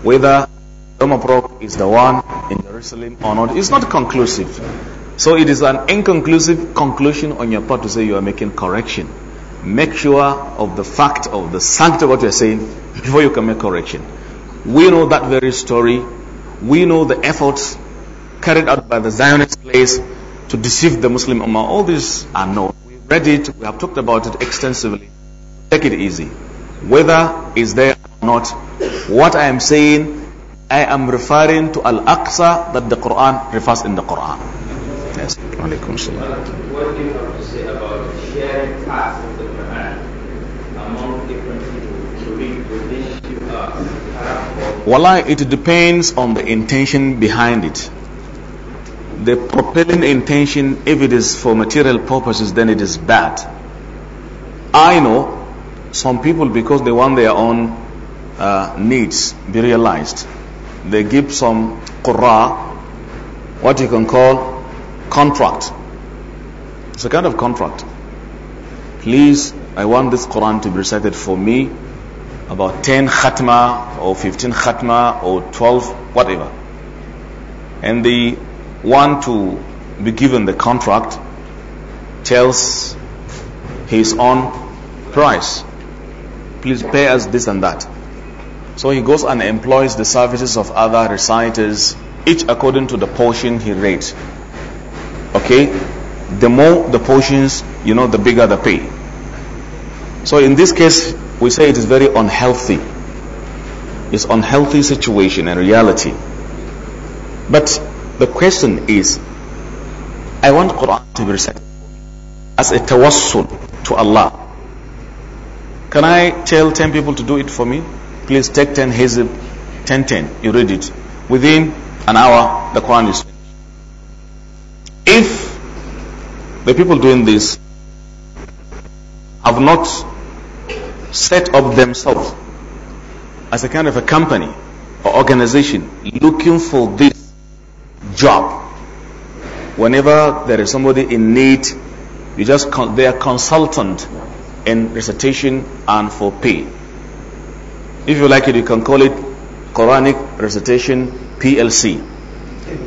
whether Tomaprok is the one in Jerusalem or not. It's not conclusive. So it is an inconclusive conclusion on your part to say you are making correction. Make sure of the fact of the sanctity of what you are saying before you can make correction. We know that very story. We know the efforts carried out by the Zionist place to deceive the Muslim Ummah. All these are known. We've read it. We have talked about it extensively. Take it easy. Whether is there or not, what I am saying I am referring to Al Aqsa that the Quran refers in the Quran. Yes. What do you have to say about sharing parts of the Quran among different people it depends on the intention behind it. The propelling intention, if it is for material purposes, then it is bad. I know some people, because they want their own uh, needs be realized, they give some qurra, what you can call contract. It's a kind of contract. Please, I want this Quran to be recited for me about 10 khatma or 15 khatma or 12, whatever. And the one to be given the contract tells his own price. Please pay us this and that. So he goes and employs the services of other reciters, each according to the portion he reads. Okay? The more the portions, you know, the bigger the pay. So in this case, we say it is very unhealthy. It's unhealthy situation and reality. But the question is, I want Quran to be recited as a tawassul to Allah. Can I tell 10 people to do it for me? please take 10 hizib, 10 10. You read it. Within an hour, the Quran is. finished. If the people doing this have not set up themselves as a kind of a company or organization looking for this job, whenever there is somebody in need, you just con- they are consultant in recitation and for pay. If you like it, you can call it Quranic Recitation PLC.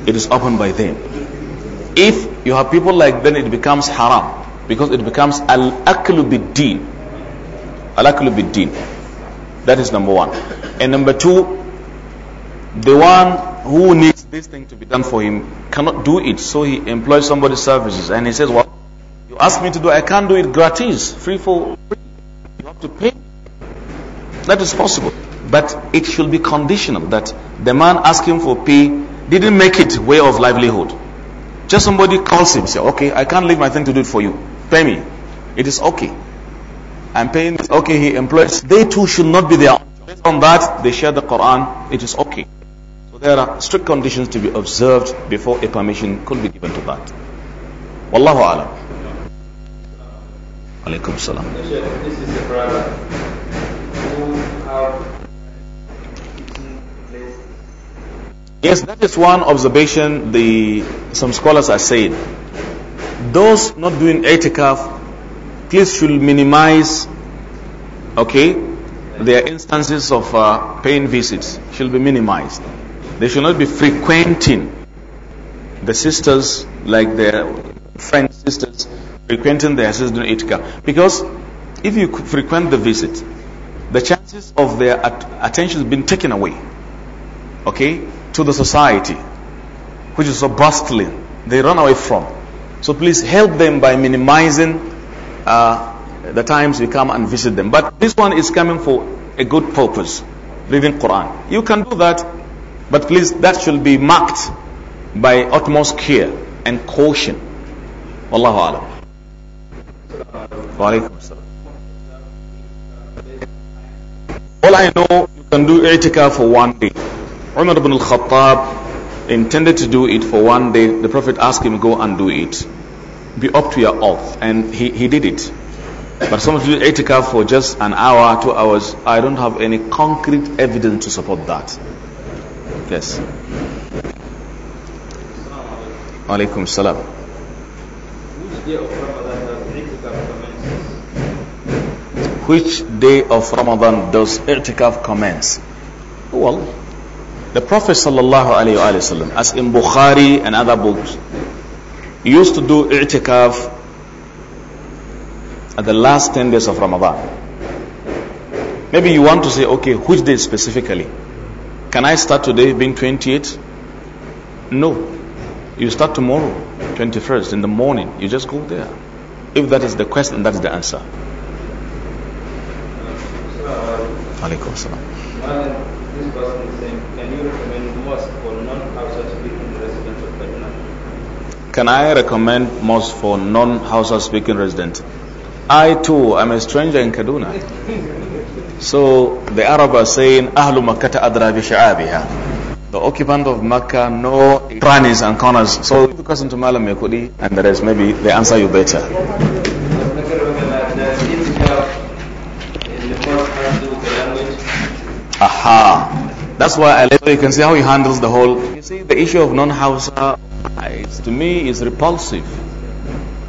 It is open by them. If you have people like them, it becomes haram because it becomes al aklu bid-din. Al is number one. And number two, the one who needs this thing to be done for him cannot do it, so he employs somebody's services and he says, "Well, you asked me to do, I can't do it gratis, free for free. You have to pay." That is possible. But it should be conditional that the man asking for pay didn't make it way of livelihood. Just somebody calls him, say, okay, I can't leave my thing to do it for you. Pay me. It is okay. I'm paying. Okay, he employs. They too should not be there. Based on that, they share the Quran. It is okay. So there are strict conditions to be observed before a permission could be given to that. Wallahu alam. Alaikum salam. This is brother. Yes, that is one observation the, some scholars are saying. Those not doing itikaf, please should minimize, okay, their instances of uh, paying visits should be minimized. They should not be frequenting the sisters like their friend sisters, frequenting their sisters doing itikaf. Because if you frequent the visit, the chances of their at attention being taken away, okay, to the society, which is so bustling, they run away from. So please help them by minimizing uh, the times we come and visit them. But this one is coming for a good purpose, reading Quran. You can do that, but please that should be marked by utmost care and caution. Wallahu alam. Wa alaikum All I know, you can do itikaf for one day. Umar ibn al-Khattab intended to do it for one day. The Prophet asked him, go and do it. Be up to your oath. And he, he did it. But some of you itikaf for just an hour, two hours, I don't have any concrete evidence to support that. Yes. Alaikum salam which day of Ramadan does i'tikaf commence? Well, the Prophet sallallahu alaihi wasallam, as in Bukhari and other books, used to do i'tikaf at the last 10 days of Ramadan. Maybe you want to say, okay, which day specifically? Can I start today being 28? No. You start tomorrow, 21st, in the morning. You just go there. If that is the question, that is the answer. Alaikum salam. can you recommend mosque for non-Hausa speaking residents of Kaduna? Can I recommend mosque for non-Hausa speaking resident? I too am a stranger in Kaduna. so the Arab are saying, Ahlu Makkata adra bi sha'abiha. The occupant of Makkah know crannies and corners. So look us into Malam Yekudi and there is Maybe they answer you better. Ah, That's why later you can see how he handles the whole. You see, the issue of non-Hausa, to me, is repulsive.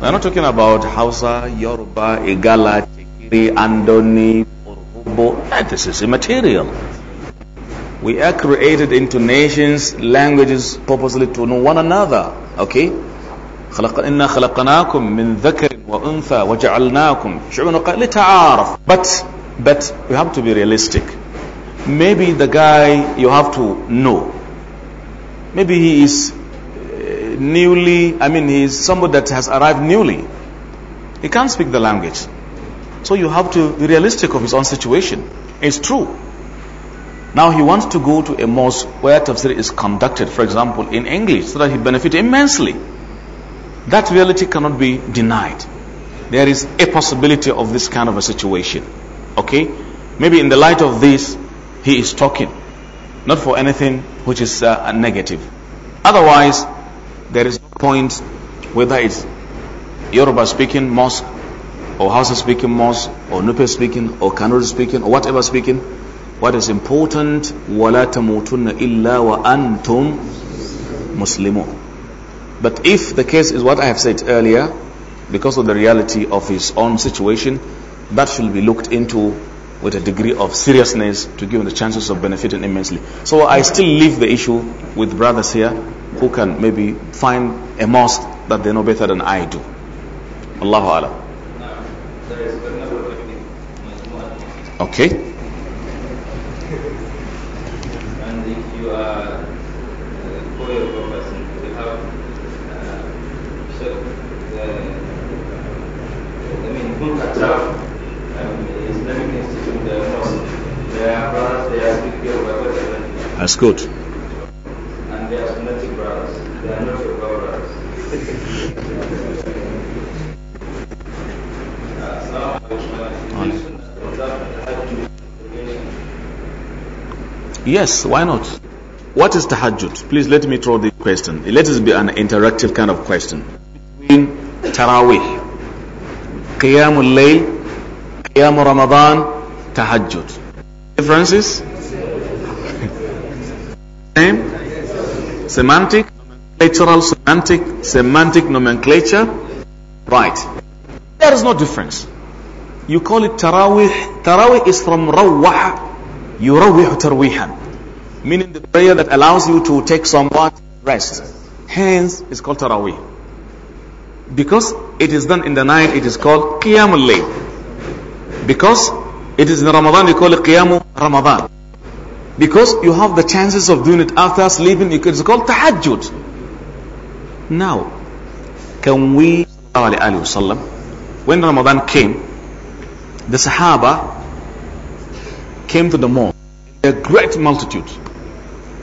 We're not talking about Hausa, Yoruba, Igala, Tikiri, Andoni, Urhobo. This is immaterial. We are created into nations, languages, purposely to know one another. Okay? إنا خلقناكم من ذكر وأنثى وجعلناكم شعوبا لتعارف but but we have to be realistic maybe the guy you have to know. Maybe he is uh, newly, I mean, he is somebody that has arrived newly. He can't speak the language. So you have to be realistic of his own situation. It's true. Now he wants to go to a mosque where tafsir is conducted, for example, in English, so that he benefit immensely. That reality cannot be denied. There is a possibility of this kind of a situation. Okay? Maybe in the light of this, he is talking, not for anything which is uh, negative. Otherwise, there is no point whether it's Yoruba speaking mosque or Hausa speaking mosque or Nupe speaking or Kanuri speaking or whatever speaking. What is important, وَلَا illa wa antum مُسْلِمُونَ But if the case is what I have said earlier, because of the reality of his own situation, that should be looked into with a degree of seriousness to give them the chances of benefiting immensely. So I still leave the issue with brothers here who can maybe find a mosque that they know better than I do. Allahu Allah. Okay. And if you are uh, poor person, you have uh, so the, uh, I mean, who can That's good. And they are yes, why not? What is tahajjud? Please let me throw the question. Let us be an interactive kind of question. Between Taraweeh, Qiyamul Layl, Qiyamul Ramadan, Tahajjud. Francis? Same? Semantic, nomenclatural, semantic, semantic nomenclature. Right. There is no difference. You call it tarawih. Tarawih is from rawwaha. You rawwih tarwihan. Meaning the prayer that allows you to take somewhat rest. Hence, it's called tarawih. Because it is done in the night, it is called qiyamul layl. Because it is in Ramadan we call it Qiyamah Ramadan. Because you have the chances of doing it after sleeping. It's called Tahajjud. Now, can we, when Ramadan came, the Sahaba came to the mosque, a great multitude.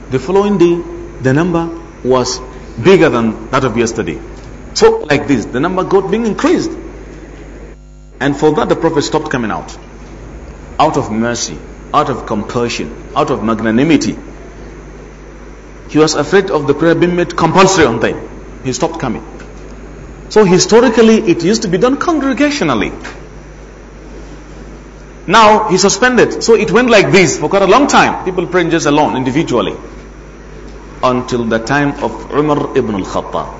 The following day, the number was bigger than that of yesterday. So, like this, the number got being increased. And for that, the Prophet stopped coming out out of mercy, out of compassion, out of magnanimity. He was afraid of the prayer being made compulsory on them. He stopped coming. So historically, it used to be done congregationally. Now he suspended. So it went like this for quite a long time. People praying just alone, individually. Until the time of Umar ibn al-Khattab.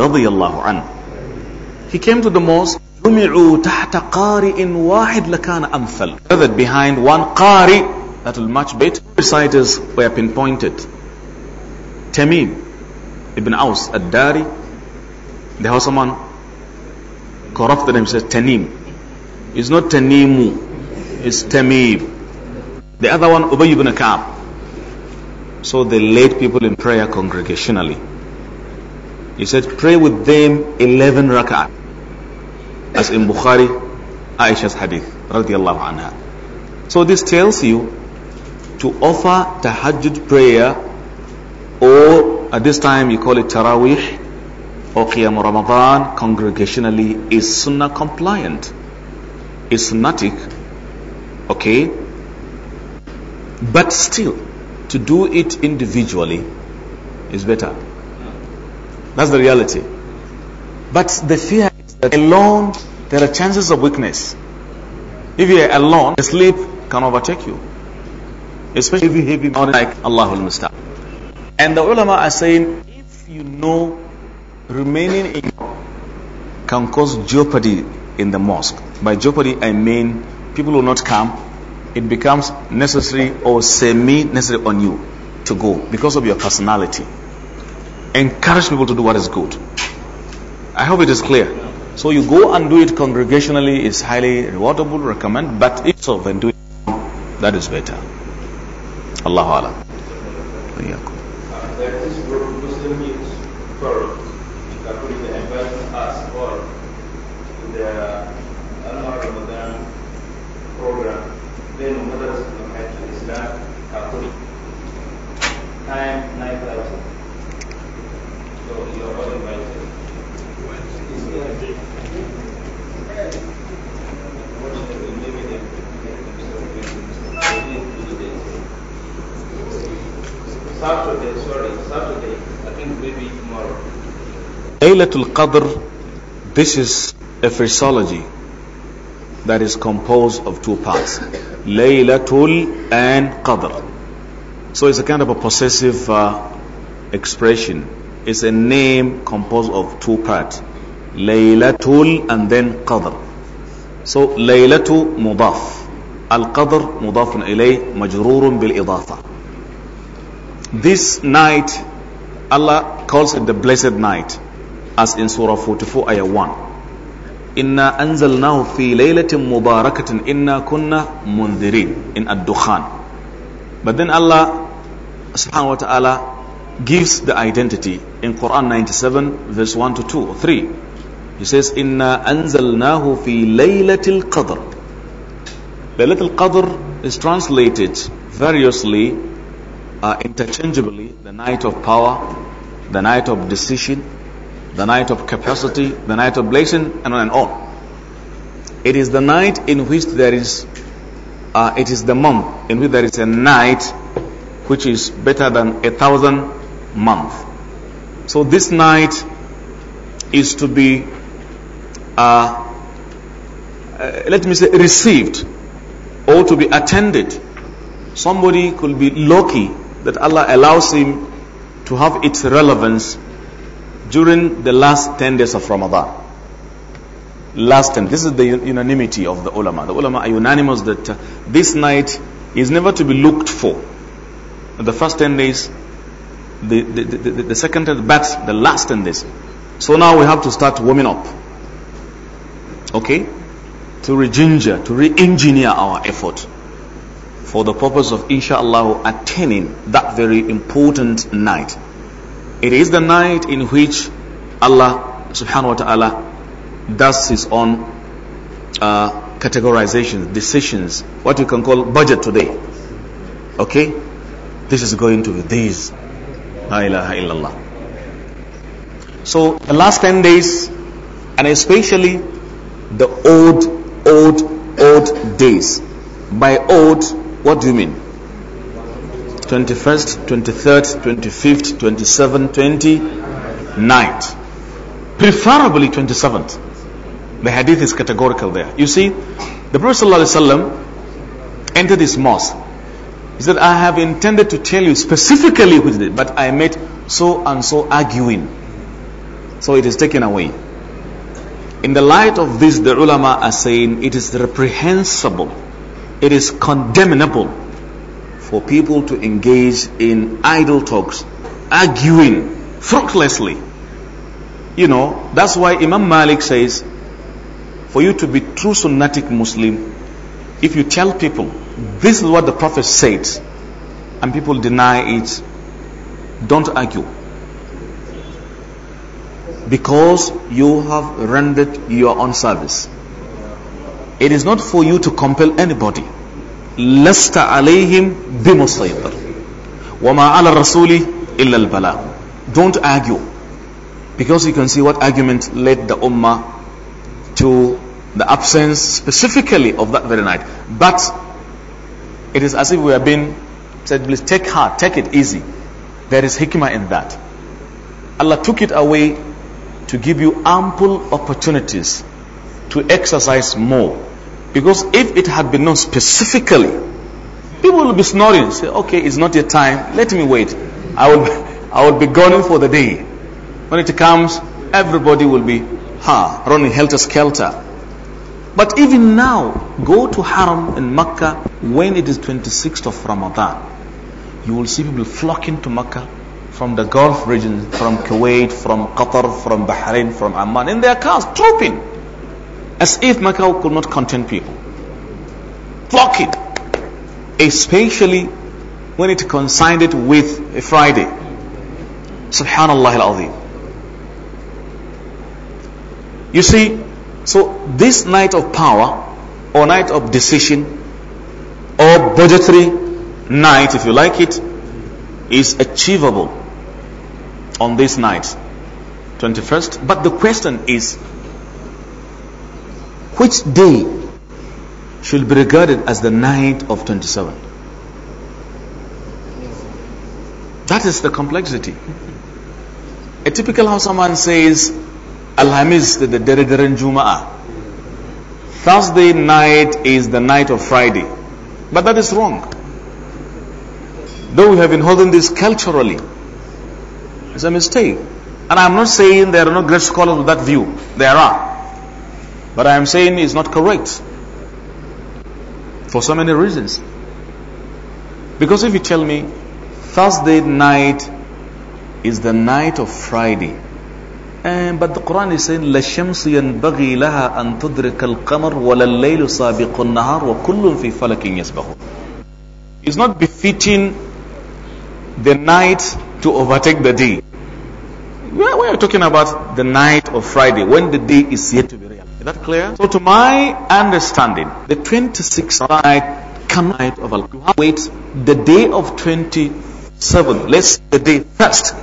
Radiallahu anhu. He came to the mosque جمعوا تحت قارئ واحد لكان أمثل gathered behind one قارئ that will match bit reciters were pinpointed Tamim ibn Aus ad-Dari the someone corrupted said Tanim it's not Tanimu it's Tamim the other one Ubay ibn Ka'ab so they led people in prayer congregationally he said pray with them 11 rak'ah as in Bukhari, Aisha's hadith, radiallahu anha. So this tells you to offer tahajjud prayer or at this time you call it Tarawih, or Qiyam Ramadan congregationally is sunnah compliant, It's sunnatic, okay? But still, to do it individually is better. That's the reality. But the fear is that alone there are chances of weakness. If you are alone, sleep can overtake you. Especially if you heavy mountain like Allahul Mustaq. And the ulama are saying, if you know remaining in can cause jeopardy in the mosque. By jeopardy, I mean people will not come. It becomes necessary or semi-necessary on you to go because of your personality. Encourage people to do what is good. I hope it is clear. So you go and do it congregationally is highly rewardable, recommend, but if so, then do it. That is better. Allah Alam. this Muslim us the Ramadan program. Then mothers Islam time 9,000. So you are all invited. Saturday, sorry, Saturday, I think maybe tomorrow. Laylatul Qadr, this is a phraseology that is composed of two parts Laylatul and Qadr. So it's a kind of a possessive uh, expression. It's a name composed of two parts Laylatul and then Qadr. So ليلة مضاف القدر مضاف إليه مجرور بالإضافة This night, Allah calls it the blessed night as in Surah 44 ayah 1. إنا أنزلناه في ليلة مباركة إنا كنا منذرين in الدخان but then Allah subhanahu wa ta'ala gives the identity in Quran 97 verse 1 to 2 or 3 He says, Inna anzalnahu fi laylatil qadr. Laylatil qadr is translated variously, uh, interchangeably, the night of power, the night of decision, the night of capacity, the night of blessing, and on and on. It is the night in which there is, uh, it is the month in which there is a night which is better than a thousand months. So this night is to be uh, uh, let me say received or to be attended somebody could be lucky that Allah allows him to have its relevance during the last 10 days of Ramadan last 10 this is the unanimity of the ulama the ulama are unanimous that uh, this night is never to be looked for the first 10 days the, the, the, the second 10 but the last 10 days so now we have to start warming up Okay? To reginger, to re-engineer our effort for the purpose of inshallah attaining that very important night. It is the night in which Allah subhanahu wa ta'ala does his own uh, categorizations, decisions, what you can call budget today. Okay? This is going to be this. La ilaha illallah. So the last 10 days, and especially the old, old, old days. By old, what do you mean? 21st, 23rd, 25th, 27th, 29th. Preferably 27th. The hadith is categorical there. You see, the Prophet ﷺ entered this mosque. He said, I have intended to tell you specifically which it, but I met so and so arguing. So it is taken away. In the light of this, the ulama are saying it is reprehensible, it is condemnable for people to engage in idle talks, arguing fruitlessly. You know, that's why Imam Malik says, for you to be true Sunnatic Muslim, if you tell people this is what the Prophet said, and people deny it, don't argue because you have rendered your own service. It is not for you to compel anybody. لست عليهم بمسيطر وما على الرسول إلا Don't argue because you can see what argument led the ummah to the absence specifically of that very night. But it is as if we have been said, please take heart, take it easy. There is hikmah in that. Allah took it away to give you ample opportunities to exercise more. Because if it had been known specifically, people will be snoring. Say, okay, it's not your time. Let me wait. I will, I will be gone for the day. When it comes, everybody will be, ha, running helter-skelter. But even now, go to Haram in Mecca when it is 26th of Ramadan. You will see people flocking to Mecca from the Gulf region, from Kuwait, from Qatar, from Bahrain, from Amman, in their cars, trooping, as if Mecca could not contain people. Flocking, especially when it coincided it with a Friday. Subhanallah al You see, so this night of power or night of decision or budgetary night, if you like it, is achievable on this night, 21st. But the question is, which day should be regarded as the night of 27? That is the complexity. A typical how someone says, Alhamis, the Derederen Juma'ah. Thursday night is the night of Friday. But that is wrong. Though we have been holding this culturally, it's a mistake. And I'm not saying there are no great scholars with that view. There are. But I am saying it's not correct. For so many reasons. Because if you tell me Thursday night is the night of Friday, and, eh, but the Quran is saying لَشَمْسُ يَنْبَغِي لَهَا أَن تُدْرِكَ الْقَمَرُ وَلَا اللَّيْلُ سَابِقُ النَّهَارُ وَكُلٌّ فِي فَلَكٍ يَسْبَحُ It's not befitting the night to overtake the day we are, we are talking about the night of Friday when the day is yet to be real. Is that clear? So, to my understanding, the 26th night, cannot of Wait, the day of 27. Let's the day first,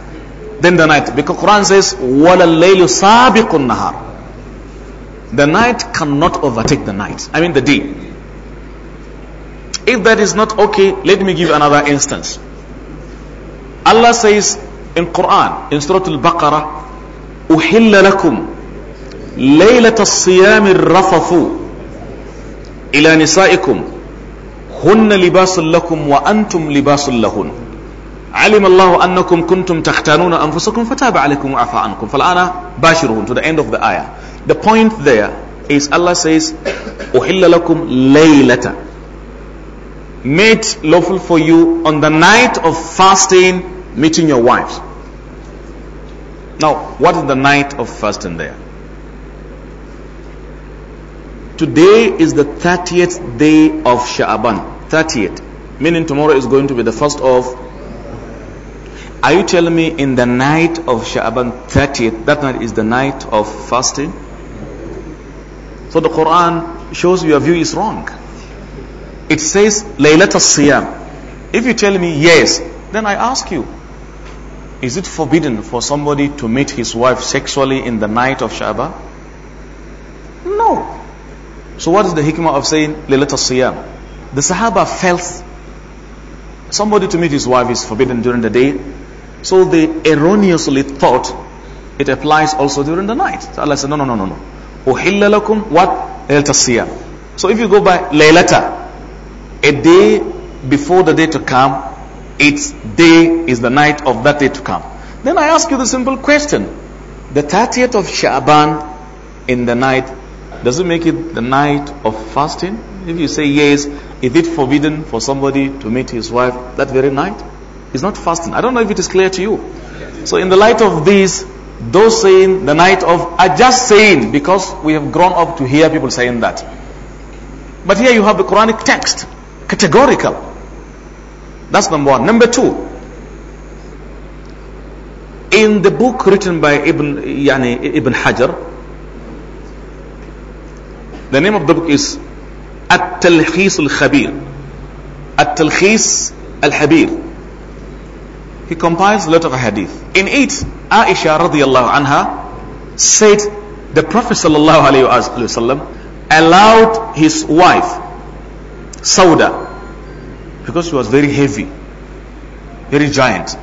then the night. Because Quran says, "Wala laylu sabiqun nahar." The night cannot overtake the night. I mean the day. If that is not okay, let me give another instance. Allah says, القرآن إن سورة البقرة أحل لكم ليلة الصيام الرفث إلى نسائكم هن لباس لكم وأنتم لباس لهن علم الله أنكم كنتم تختانون أنفسكم فتاب عليكم وعفى عنكم فالآن باشرهن to the end of the ayah the point there is Allah says أحل لكم ليلة made lawful for you on the night of fasting meeting your wives Now, what is the night of fasting there? Today is the 30th day of Sha'aban. 30th. Meaning tomorrow is going to be the first of. Are you telling me in the night of Sha'aban 30th, that night is the night of fasting? So the Quran shows your view is wrong. It says Laylat al-Siyam. If you tell me yes, then I ask you, is it forbidden for somebody to meet his wife sexually in the night of Sha'ba? No. So what is the hikmah of saying Lilat siyam The Sahaba felt somebody to meet his wife is forbidden during the day. So they erroneously thought it applies also during the night. So Allah said, no, no, no, no, no. أُحِلَّ what? Laylat siyam So if you go by Laylata, a day before the day to come, its day is the night of that day to come. Then I ask you the simple question. The 30th of Sha'ban in the night, does it make it the night of fasting? If you say yes, is it forbidden for somebody to meet his wife that very night? It's not fasting. I don't know if it is clear to you. So in the light of this, those saying the night of are just saying because we have grown up to hear people saying that. But here you have the Quranic text, categorical. That's number one. Number two, in the book written by Ibn, yani Ibn Hajar, the name of the book is At-Talkhis al-Khabir. At-Talkhis al-Habir. He compiles a lot of hadith. In it, Aisha radiallahu anha said the Prophet sallallahu alayhi wa sallam allowed his wife, Sauda, because she was very heavy, very giant.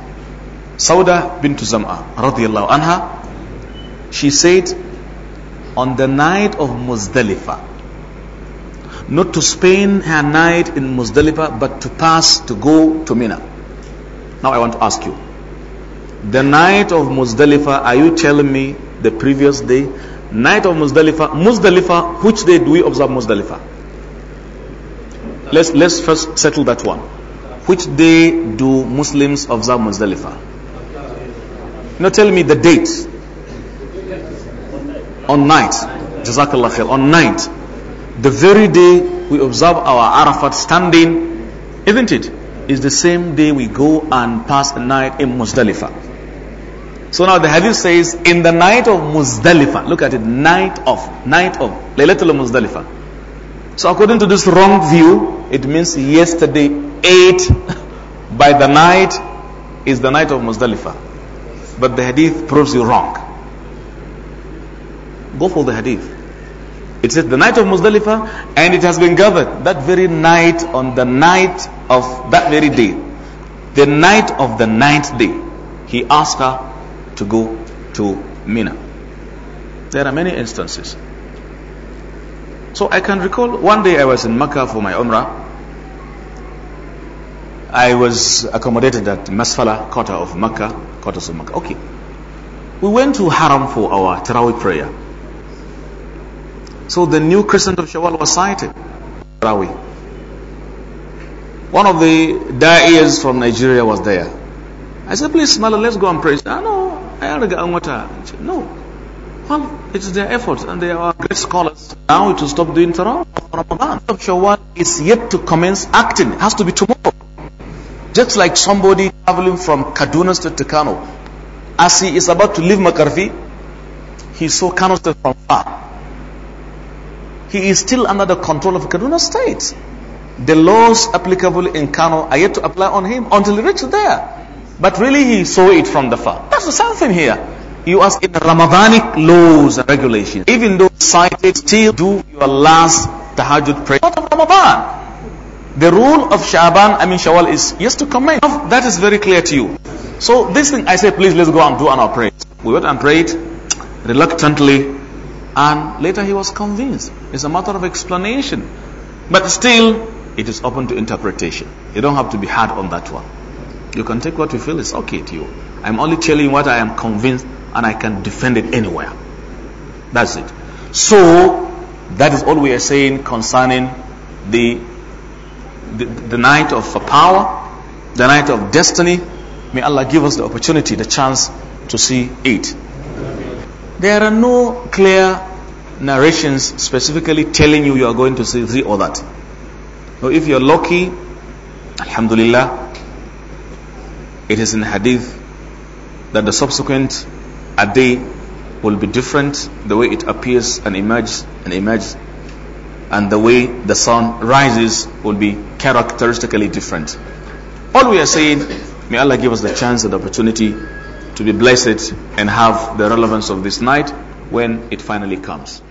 Sauda bint Zam'a radiallahu anha, she said, on the night of Muzdalifa, not to spend her night in Muzdalifa, but to pass to go to Mina. Now I want to ask you, the night of Muzdalifa, are you telling me the previous day? Night of Muzdalifa. Muzdalifa. which day do we observe Muzdalifa? let's, let's first settle that one. Which day do Muslims observe Muzdalifah? Now tell me the date. On night. Jazakallah khair. On night. The very day we observe our Arafat standing, isn't it? Is the same day we go and pass a night in Muzdalifah. So now the hadith says, in the night of Muzdalifah, look at it, night of, night of, Laylatul Muzdalifah. So according to this wrong view, it means yesterday 8 by the night is the night of Muzdalifah. But the hadith proves you wrong. Go for the hadith. It says the night of Muzdalifah and it has been gathered that very night on the night of that very day. The night of the ninth day. He asked her to go to Mina. There are many instances. So I can recall one day I was in Mecca for my Umrah. I was accommodated at Masfala, quarter of Mecca, quarters of Mecca. Okay. We went to Haram for our Tarawih prayer. So the new crescent of Shawwal was sighted. Tarawih. One of the da'is from Nigeria was there. I said, please, Mala, let's go and pray. Ah, no, I want to. No, well, it's their efforts, and they are great scholars now to stop doing Tarawih for Ramadan. Shawwal is yet to commence acting. It has to be tomorrow. Just like somebody traveling from Kaduna State to Kano. As he is about to leave Makarfi, he saw Kano State from far. He is still under the control of Kaduna State. The laws applicable in Kano are yet to apply on him until he reaches there. But really, he saw it from the far. That's the same thing here you are in Ramadanic laws and regulations. Even though cited, still do your last tahajjud prayer What of Ramadan. The rule of Shaban, I mean Shawwal, is yes to command. That is very clear to you. So this thing, I say, please let's go and do our prayer. We went and prayed reluctantly, and later he was convinced. It's a matter of explanation, but still, it is open to interpretation. You don't have to be hard on that one. You can take what you feel is okay to you. I'm only telling you what I am convinced and I can defend it anywhere. That's it. So that is all we are saying concerning the the, the night of power, the night of destiny. May Allah give us the opportunity, the chance to see it. There are no clear narrations specifically telling you you are going to see all or that. So if you're lucky, Alhamdulillah, it is in hadith that the subsequent a day will be different the way it appears and emerges and emerges and the way the sun rises will be characteristically different all we are saying may allah give us the chance and the opportunity to be blessed and have the relevance of this night when it finally comes